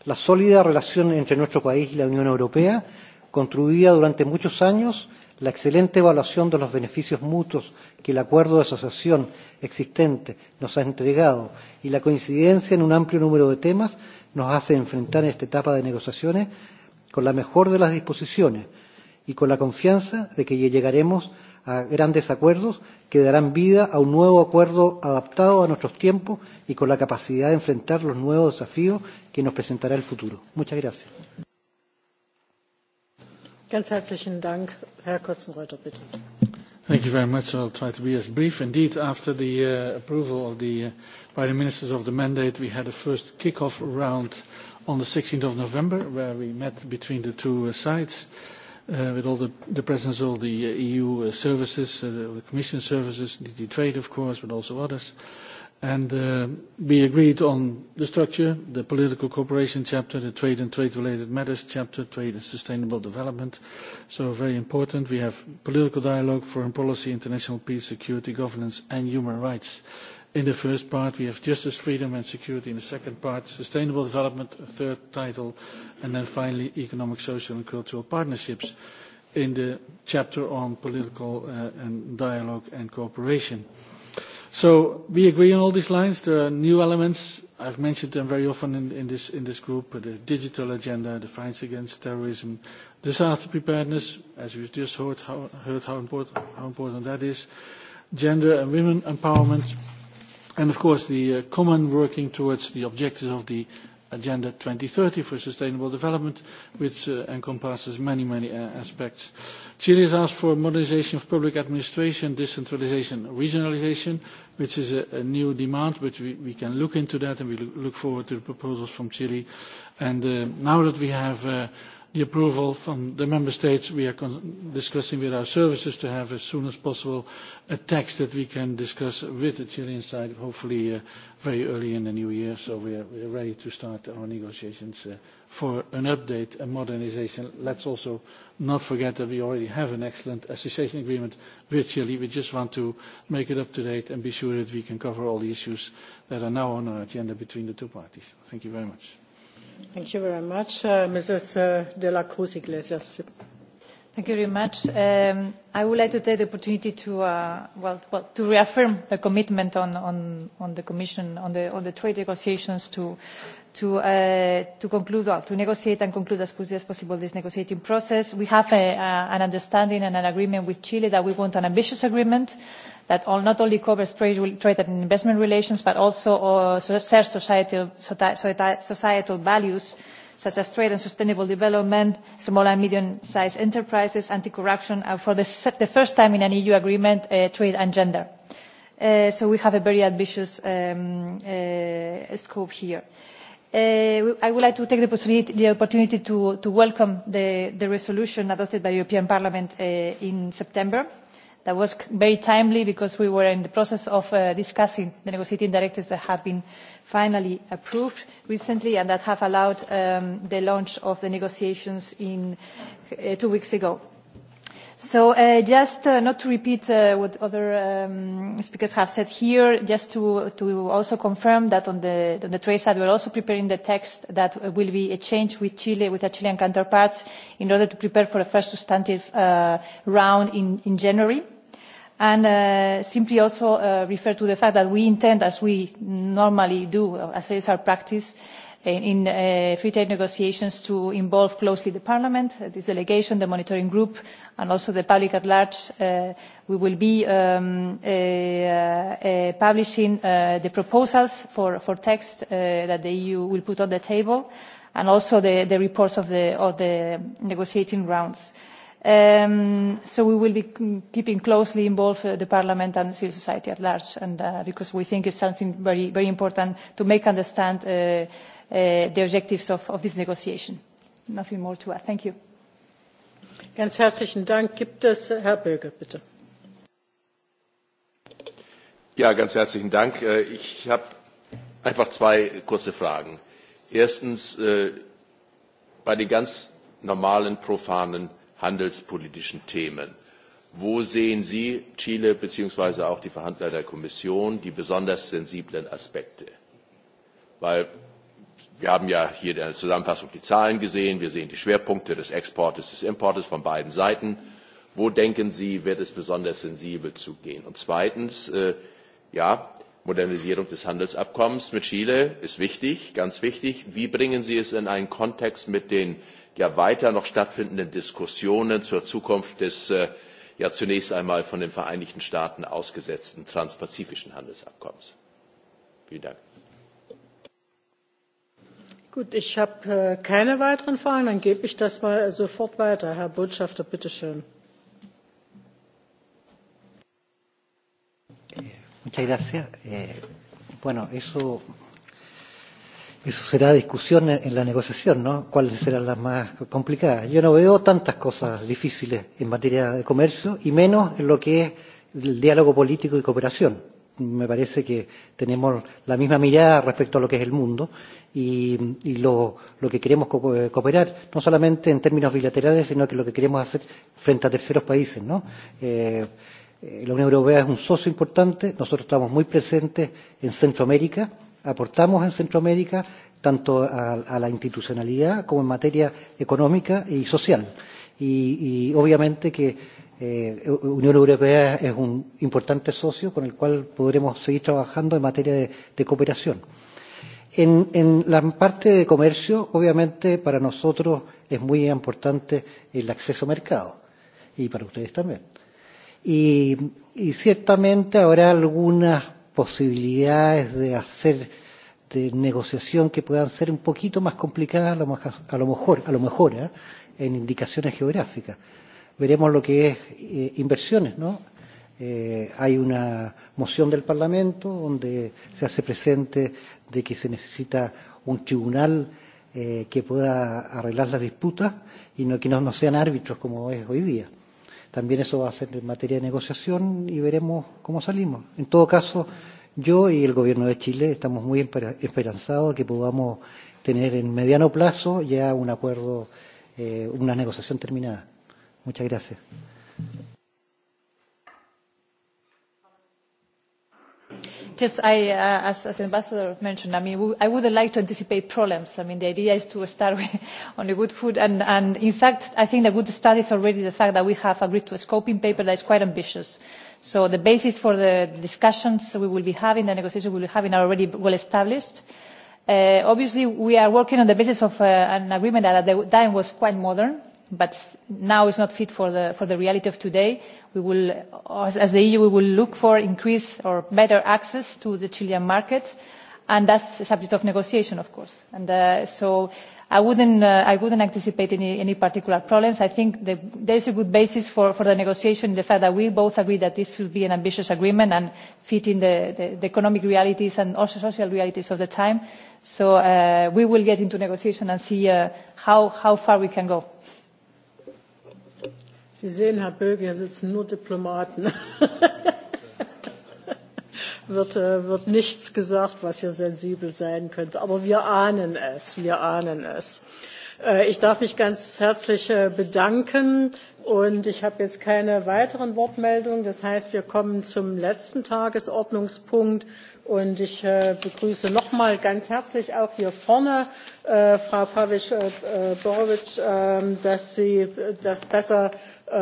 La sólida relación entre nuestro país y la Unión Europea construida durante muchos años la excelente evaluación de los beneficios mutuos que el acuerdo de asociación existente nos ha entregado y la coincidencia en un amplio número de temas nos hace enfrentar en esta etapa de negociaciones con la mejor de las disposiciones y con la confianza de que llegaremos a grandes acuerdos que darán vida a un nuevo acuerdo adaptado a nuestros tiempos y con la capacidad de enfrentar los nuevos desafíos que nos presentará el futuro. Muchas gracias. Ganz herzlichen Dank, Herr bitte. Thank you very much. I'll try to be as brief. Indeed, after the approval of the, by the ministers of the mandate, we had a first kick-off round on the 16th of November, where we met between the two sides with all the, the presence of the EU services, the Commission services, the Trade, of course, but also others. And we agreed on the structure, the political cooperation chapter, the trade and trade-related matters chapter, trade and sustainable development. So very important. We have political dialogue, foreign policy, international peace, security, governance, and human rights In the first part, we have justice, freedom and security. In the second part, sustainable development, a third title, and then finally economic, social and cultural partnerships in the chapter on political and dialogue and cooperation. So we agree on all these lines. There are new elements. I've mentioned them very often in this group, the digital agenda, the fights against terrorism, disaster preparedness, as we've just heard how important that is, gender and women empowerment and of course the common working towards the objectives of the Agenda 2030 for Sustainable Development, which encompasses many, many aspects. Chile has asked for modernisation of public administration, decentralisation, regionalisation, which is a new demand, but we can look into that and we look forward to the proposals from Chile. And now that we have the approval from the member states. We are discussing with our services to have as soon as possible a text that we can discuss with the Chilean side, hopefully very early in the new year. So we are ready to start our negotiations for an update and modernization. Let's also not forget that we already have an excellent association agreement with Chile. We just want to make it up to date and be sure that we can cover all the issues that are now on our agenda between the two parties. Thank you very much. Thank you very much. Mrs. De La Cruz Iglesias. Thank you very much. I would like to take the opportunity to, well, to reaffirm the commitment on on the Commission on the on the trade negotiations to to conclude to negotiate and conclude as quickly as possible this negotiating process. We have an understanding and an agreement with Chile that we want an ambitious agreement that not only covers trade and investment relations, but also societal values such as trade and sustainable development, small and medium-sized enterprises, anti-corruption, and for the first time in an EU agreement, trade and gender. So we have a very ambitious scope here. I would like to take the opportunity to welcome the resolution adopted by the European Parliament in September. That was very timely because we were in the process of discussing the negotiating directives that have been finally approved recently and that have allowed the launch of the negotiations two weeks ago. So just not to repeat what other speakers have said here, just to also confirm that on the the trade side, we're also preparing the text that will be a change with Chile, with our Chilean counterparts, in order to prepare for a first substantive round in January. And simply also refer to the fact that we intend, as we normally do, as is our practice, in free trade negotiations to involve closely the Parliament, this delegation, the monitoring group, and also the public at large. We will be publishing the proposals for text that the EU will put on the table, and also the reports of the negotiating rounds. So we will be keeping closely involved the Parliament and civil society at large, and because we think it's something very, very important to make understand the objectives of this negotiation. Nothing more to add. Thank you. Ganz herzlichen Dank. Gibt es Herr Böger, bitte. Ja, ganz herzlichen Dank. Ich habe einfach zwei kurze Fragen. Erstens, bei den ganz normalen, profanen handelspolitischen Themen. Wo sehen Sie, Chile bzw. auch die Verhandler der Kommission, die besonders sensiblen Aspekte? Weil wir haben ja hier in der zusammenfassung die zahlen gesehen wir sehen die schwerpunkte des exportes des importes von beiden seiten wo denken sie wird es besonders sensibel zugehen? und zweitens ja modernisierung des handelsabkommens mit chile ist wichtig ganz wichtig wie bringen sie es in einen kontext mit den ja weiter noch stattfindenden diskussionen zur zukunft des ja zunächst einmal von den vereinigten staaten ausgesetzten transpazifischen handelsabkommens? vielen dank. Gut, ich habe keine weiteren Fragen. Dann gebe ich das mal sofort weiter. Herr Botschafter, bitte schön. Muchas gracias. eh, Bueno, eso eso será discusión en la negociación, ¿no? ¿Cuáles serán las más complicadas? Yo no veo tantas cosas difíciles en materia de comercio y menos en lo que es el diálogo político y cooperación me parece que tenemos la misma mirada respecto a lo que es el mundo y, y lo, lo que queremos cooperar, no solamente en términos bilaterales, sino que lo que queremos hacer frente a terceros países. ¿no? Eh, la Unión Europea es un socio importante, nosotros estamos muy presentes en Centroamérica, aportamos en Centroamérica tanto a, la institucionalidad como en materia económica y social. Y, y obviamente que Unión Europea es un importante socio con el cual podremos seguir trabajando en materia de cooperación. En la parte de comercio, obviamente, para nosotros es muy importante el acceso a mercado y para ustedes también. Y ciertamente habrá algunas posibilidades de hacer de negociación que puedan ser un poquito más complicadas a lo mejor, a lo mejor en indicaciones geográficas veremos lo que es inversiones, ¿no? Eh, hay una moción del Parlamento donde se hace presente de que se necesita un tribunal que pueda arreglar las disputas y no que no, no sean árbitros como es hoy día. También eso va a ser en materia de negociación y veremos cómo salimos. En todo caso, yo y el Gobierno de Chile estamos muy esperanzados de que podamos tener en mediano plazo ya un acuerdo, eh, una negociación terminada. Muchas gracias. Just I, as, as Ambassador mentioned, I mean, I would like to anticipate problems. I mean, the idea is to start with, on a good food, And, and in fact, I think the good start is already the fact that we have agreed to a scoping paper that is quite ambitious. So the basis for the discussions we will be having, the negotiations we will be having are already well established. obviously, we are working on the basis of an agreement that at the time was quite modern but now is not fit for the reality of today we will as the eu we will look for increased or better access to the chilean market and that's a subject of negotiation of course and so i wouldn't i wouldn't anticipate any any particular problems i think there is a good basis for for the negotiation the fact that we both agree that this will be an ambitious agreement and fit in the the economic realities and also social realities of the time so we will get into negotiation and see how how far we can go Sie sehen, Herr Böge, hier sitzen nur Diplomaten. Wird, wird nichts gesagt, was hier sensibel sein könnte. Aber wir ahnen es, wir ahnen es. Ich darf mich ganz herzlich bedanken und ich habe jetzt keine weiteren Wortmeldungen. Das heißt, wir kommen zum letzten Tagesordnungspunkt und ich begrüße noch mal ganz herzlich auch hier vorne Frau Pavic Borovic, dass sie das besser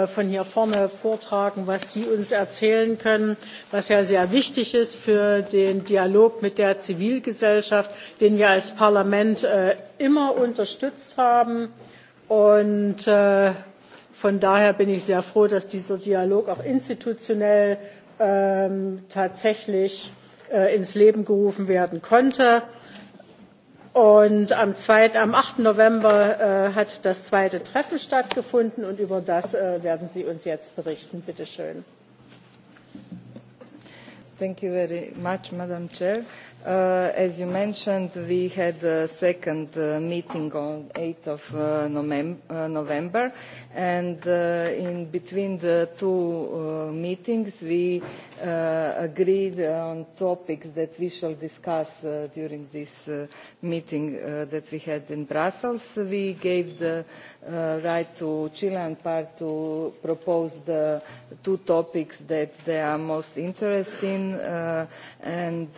von hier vorne vortragen, was Sie uns erzählen können, was ja sehr wichtig ist für den Dialog mit der Zivilgesellschaft, den wir als Parlament immer unterstützt haben. Und von daher bin ich sehr froh, dass dieser Dialog auch institutionell tatsächlich ins Leben gerufen werden konnte. Und am 8. November hat das zweite Treffen stattgefunden und über das werden Sie uns jetzt berichten. Bitte schön. Thank you very much, Madam As you mentioned, we had a second meeting on 8 of November, and in between the two meetings we agreed on topics that we shall discuss during this meeting that we had in Brussels. We gave the right to Chilean part to propose the two topics that they are most interested in and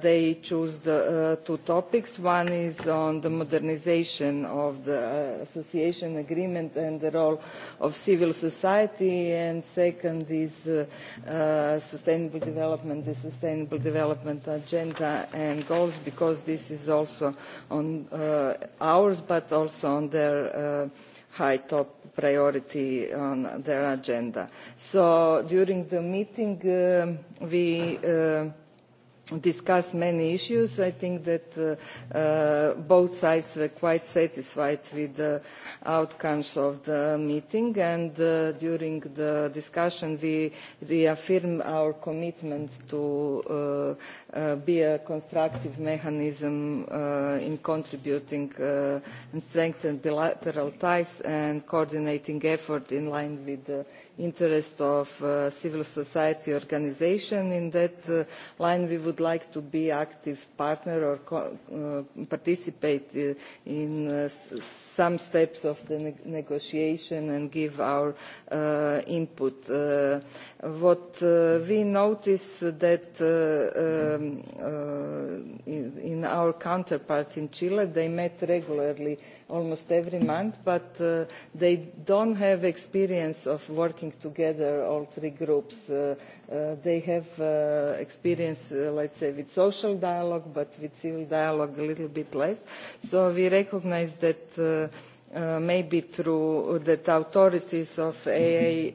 they choose the two topics. One is on the modernization of the association agreement and the role of civil society and second is sustainable development, the sustainable development agenda and goals because this is also on ours but also on their high top priority on their agenda. So during the meeting we discussed many issues. I think that both sides were quite satisfied with the outcomes of the meeting and during the discussion we reaffirmed our commitment to be a constructive mechanism in contributing and strengthening bilateral ties and coordinating effort in line with the interest of civil society organisations. In that line, we would like to be active partner or participate in some steps of the negotiation and give our input. What we notice that in our counterpart in Chile, they met regularly almost every month, but they don't have experience of working together, all three groups. They have experience, let's say, with social dialogue, but with civil dialogue a little bit less. So we recognize that maybe through the authorities of AA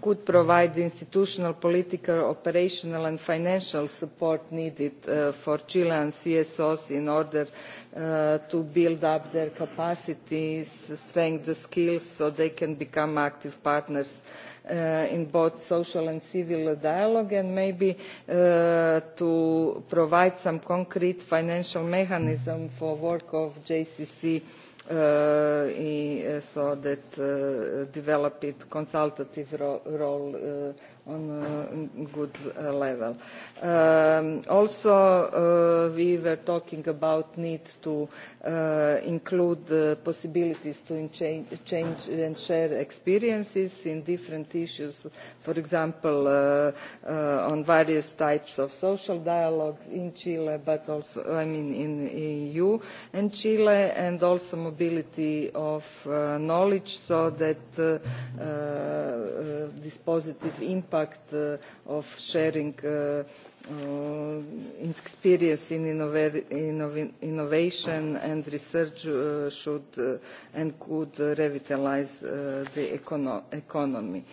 could provide institutional, political, operational and financial support needed for Chilean CSOs in order to build up their capacities, strengthen the skills so they can become active partners in both social and civil dialogue and maybe to provide some concrete financial mechanism for work of JCC so that develop developed consultative role on a good level. Also, we were talking about need to include possibilities to change and share experiences in different issues, for example, on various types of social dialogue in Chile, but also, I mean, in EU and Chile, and also mobility of knowledge so that this positive impact impact of sharing experience in innovation and research should and could revitalize the economy.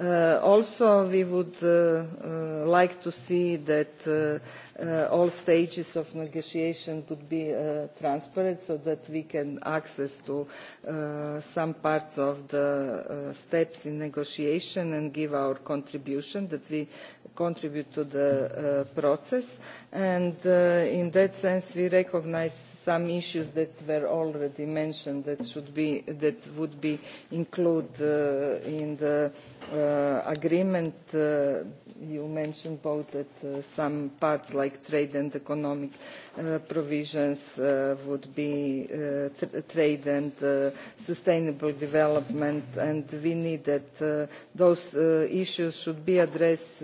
Also, we would like to see that all stages of negotiation would be transparent so that we can access to some parts of the steps in negotiation and give our contribution, that we contribute to the process. And in that sense, we recognize some issues that were already mentioned that should be that would be included in the agreement. You mentioned both that some parts like trade and economic provisions would be trade and sustainable development, and we need that those issues should be addressed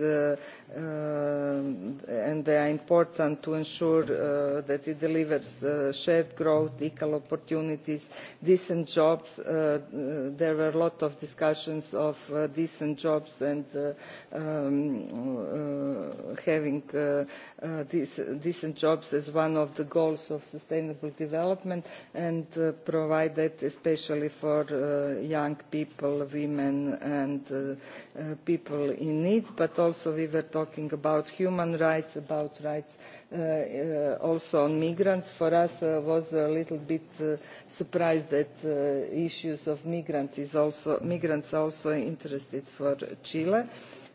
and they are important to ensure that it delivers shared growth, equal opportunities, decent jobs. There were a lot of discussions of decent jobs and having decent jobs as one of the goals of sustainable development and provide that especially for young people, women and people in need, but also we were talking about human rights, about rights also on migrants. For us was a little bit surprised that issues of migrants is also migrants are also interested for Chile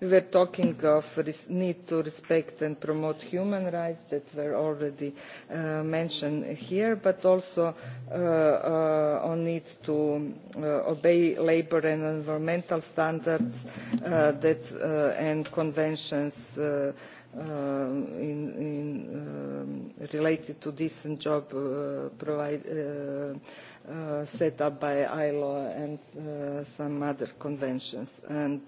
we were talking of the need to respect and promote human rights that were already mentioned here, but also on need to obey labour and environmental standards and conventions related to decent job provide set up by ILO and some other conventions. And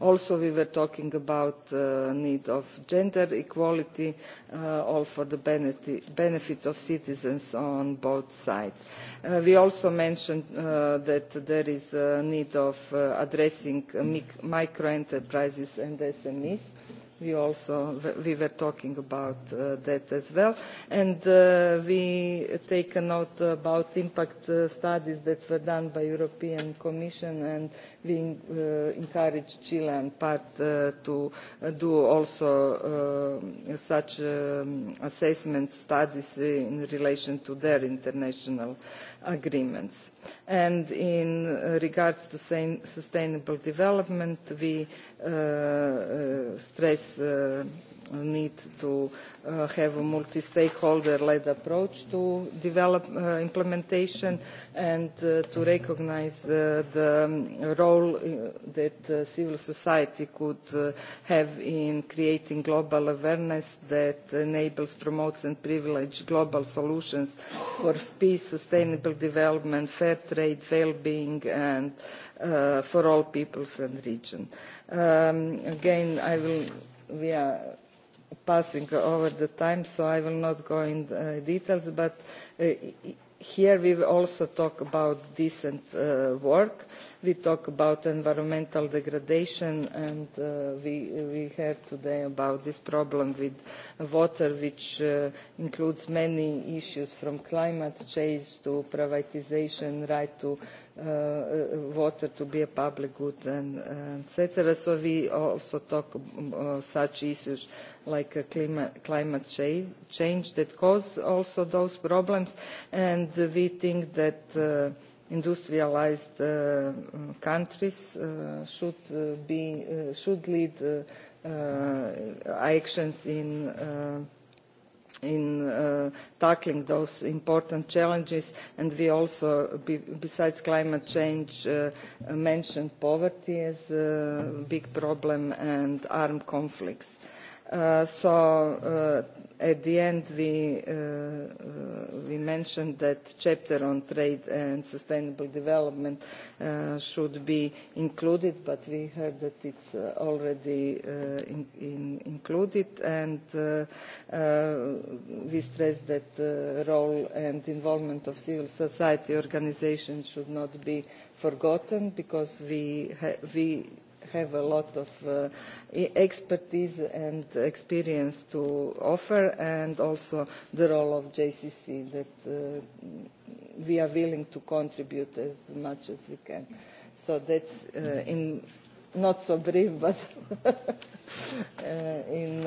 also we were talking about the need of gender equality, all for the benefit of citizens on both sides. We also mentioned that there is a need of addressing micro enterprises and SMEs we also we were talking about that as well and we take a note about impact studies that were done by european commission and we encourage Chile and PART to do also such assessment studies in relation to their international agreements. And in regards to sustainable development, we stress need to have a multi-stakeholder-led approach to develop implementation and to recognize the role that civil society could have in creating global awareness that enables, promotes and privileges global solutions for peace, sustainable development, fair trade, well-being and for all peoples and regions. Again, I will we are passing over the time, so I will not go in details, but here we also talk about decent work, we talk about environmental degradation, and we heard today about this problem with water, which includes many issues from climate change to privatization, right to water to be a public good and etc. So we also talk such issues like climate change that cause also those problems and we think that industrialized countries should be should lead actions in in tackling those important challenges and we also besides climate change mentioned poverty as a big problem and armed conflicts So at the end we mentioned that chapter on trade and sustainable development should be included, but we heard that it's already included and we stressed that the role and involvement of civil society organizations should not be forgotten because we we have a lot of expertise and experience to offer and also the role of JCC that we are willing to contribute as much as we can. So that's in not so brief, but in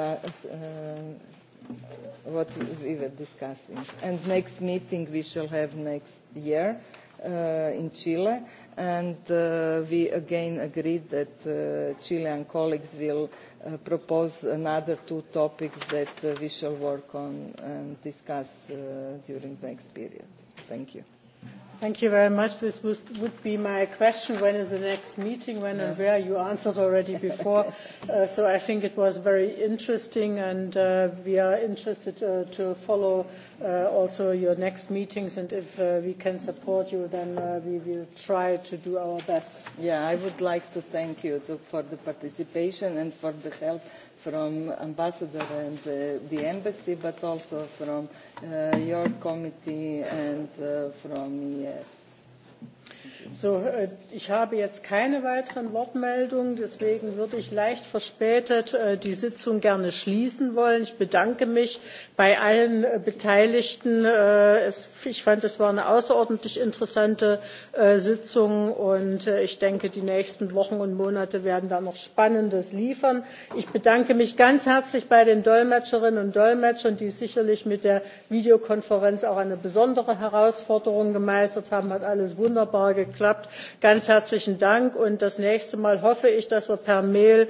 what we were discussing. And next meeting we shall have next year in Chile and we again agreed that Chilean colleagues will propose another two topics that we shall work on and discuss during the next period. Thank you. Thank you very much. This would be my question. When is the next meeting? When and where? You answered already before. So I think it was very interesting, and we are interested to follow also your next meetings. And if we can support you, then we will try to do our best. Yeah, I would like to thank you for the participation and for the help from Ambassador and the Embassy, but also from your committee and from ich habe jetzt keine weiteren Wortmeldungen, deswegen würde ich leicht verspätet die Sitzung gerne schließen wollen. Ich bedanke mich bei allen Beteiligten. Ich fand, es war eine außerordentlich interessante Sitzung und ich denke, die nächsten Wochen und Monate werden da noch Spannendes liefern. Ich bedanke mich ganz herzlich bei den Dolmetscherinnen und Dolmetschern, die sicherlich mit der Videokonferenz auch eine besondere Herausforderung gemeistert haben. Hat alles wunderbar geklappt. Ganz herzlichen Dank und das nächste Mal hoffe ich, dass wir per Mail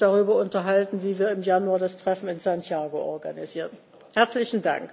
darüber unterhalten, wie wir im Januar das Treffen in Santiago organisieren. Herzlichen Dank.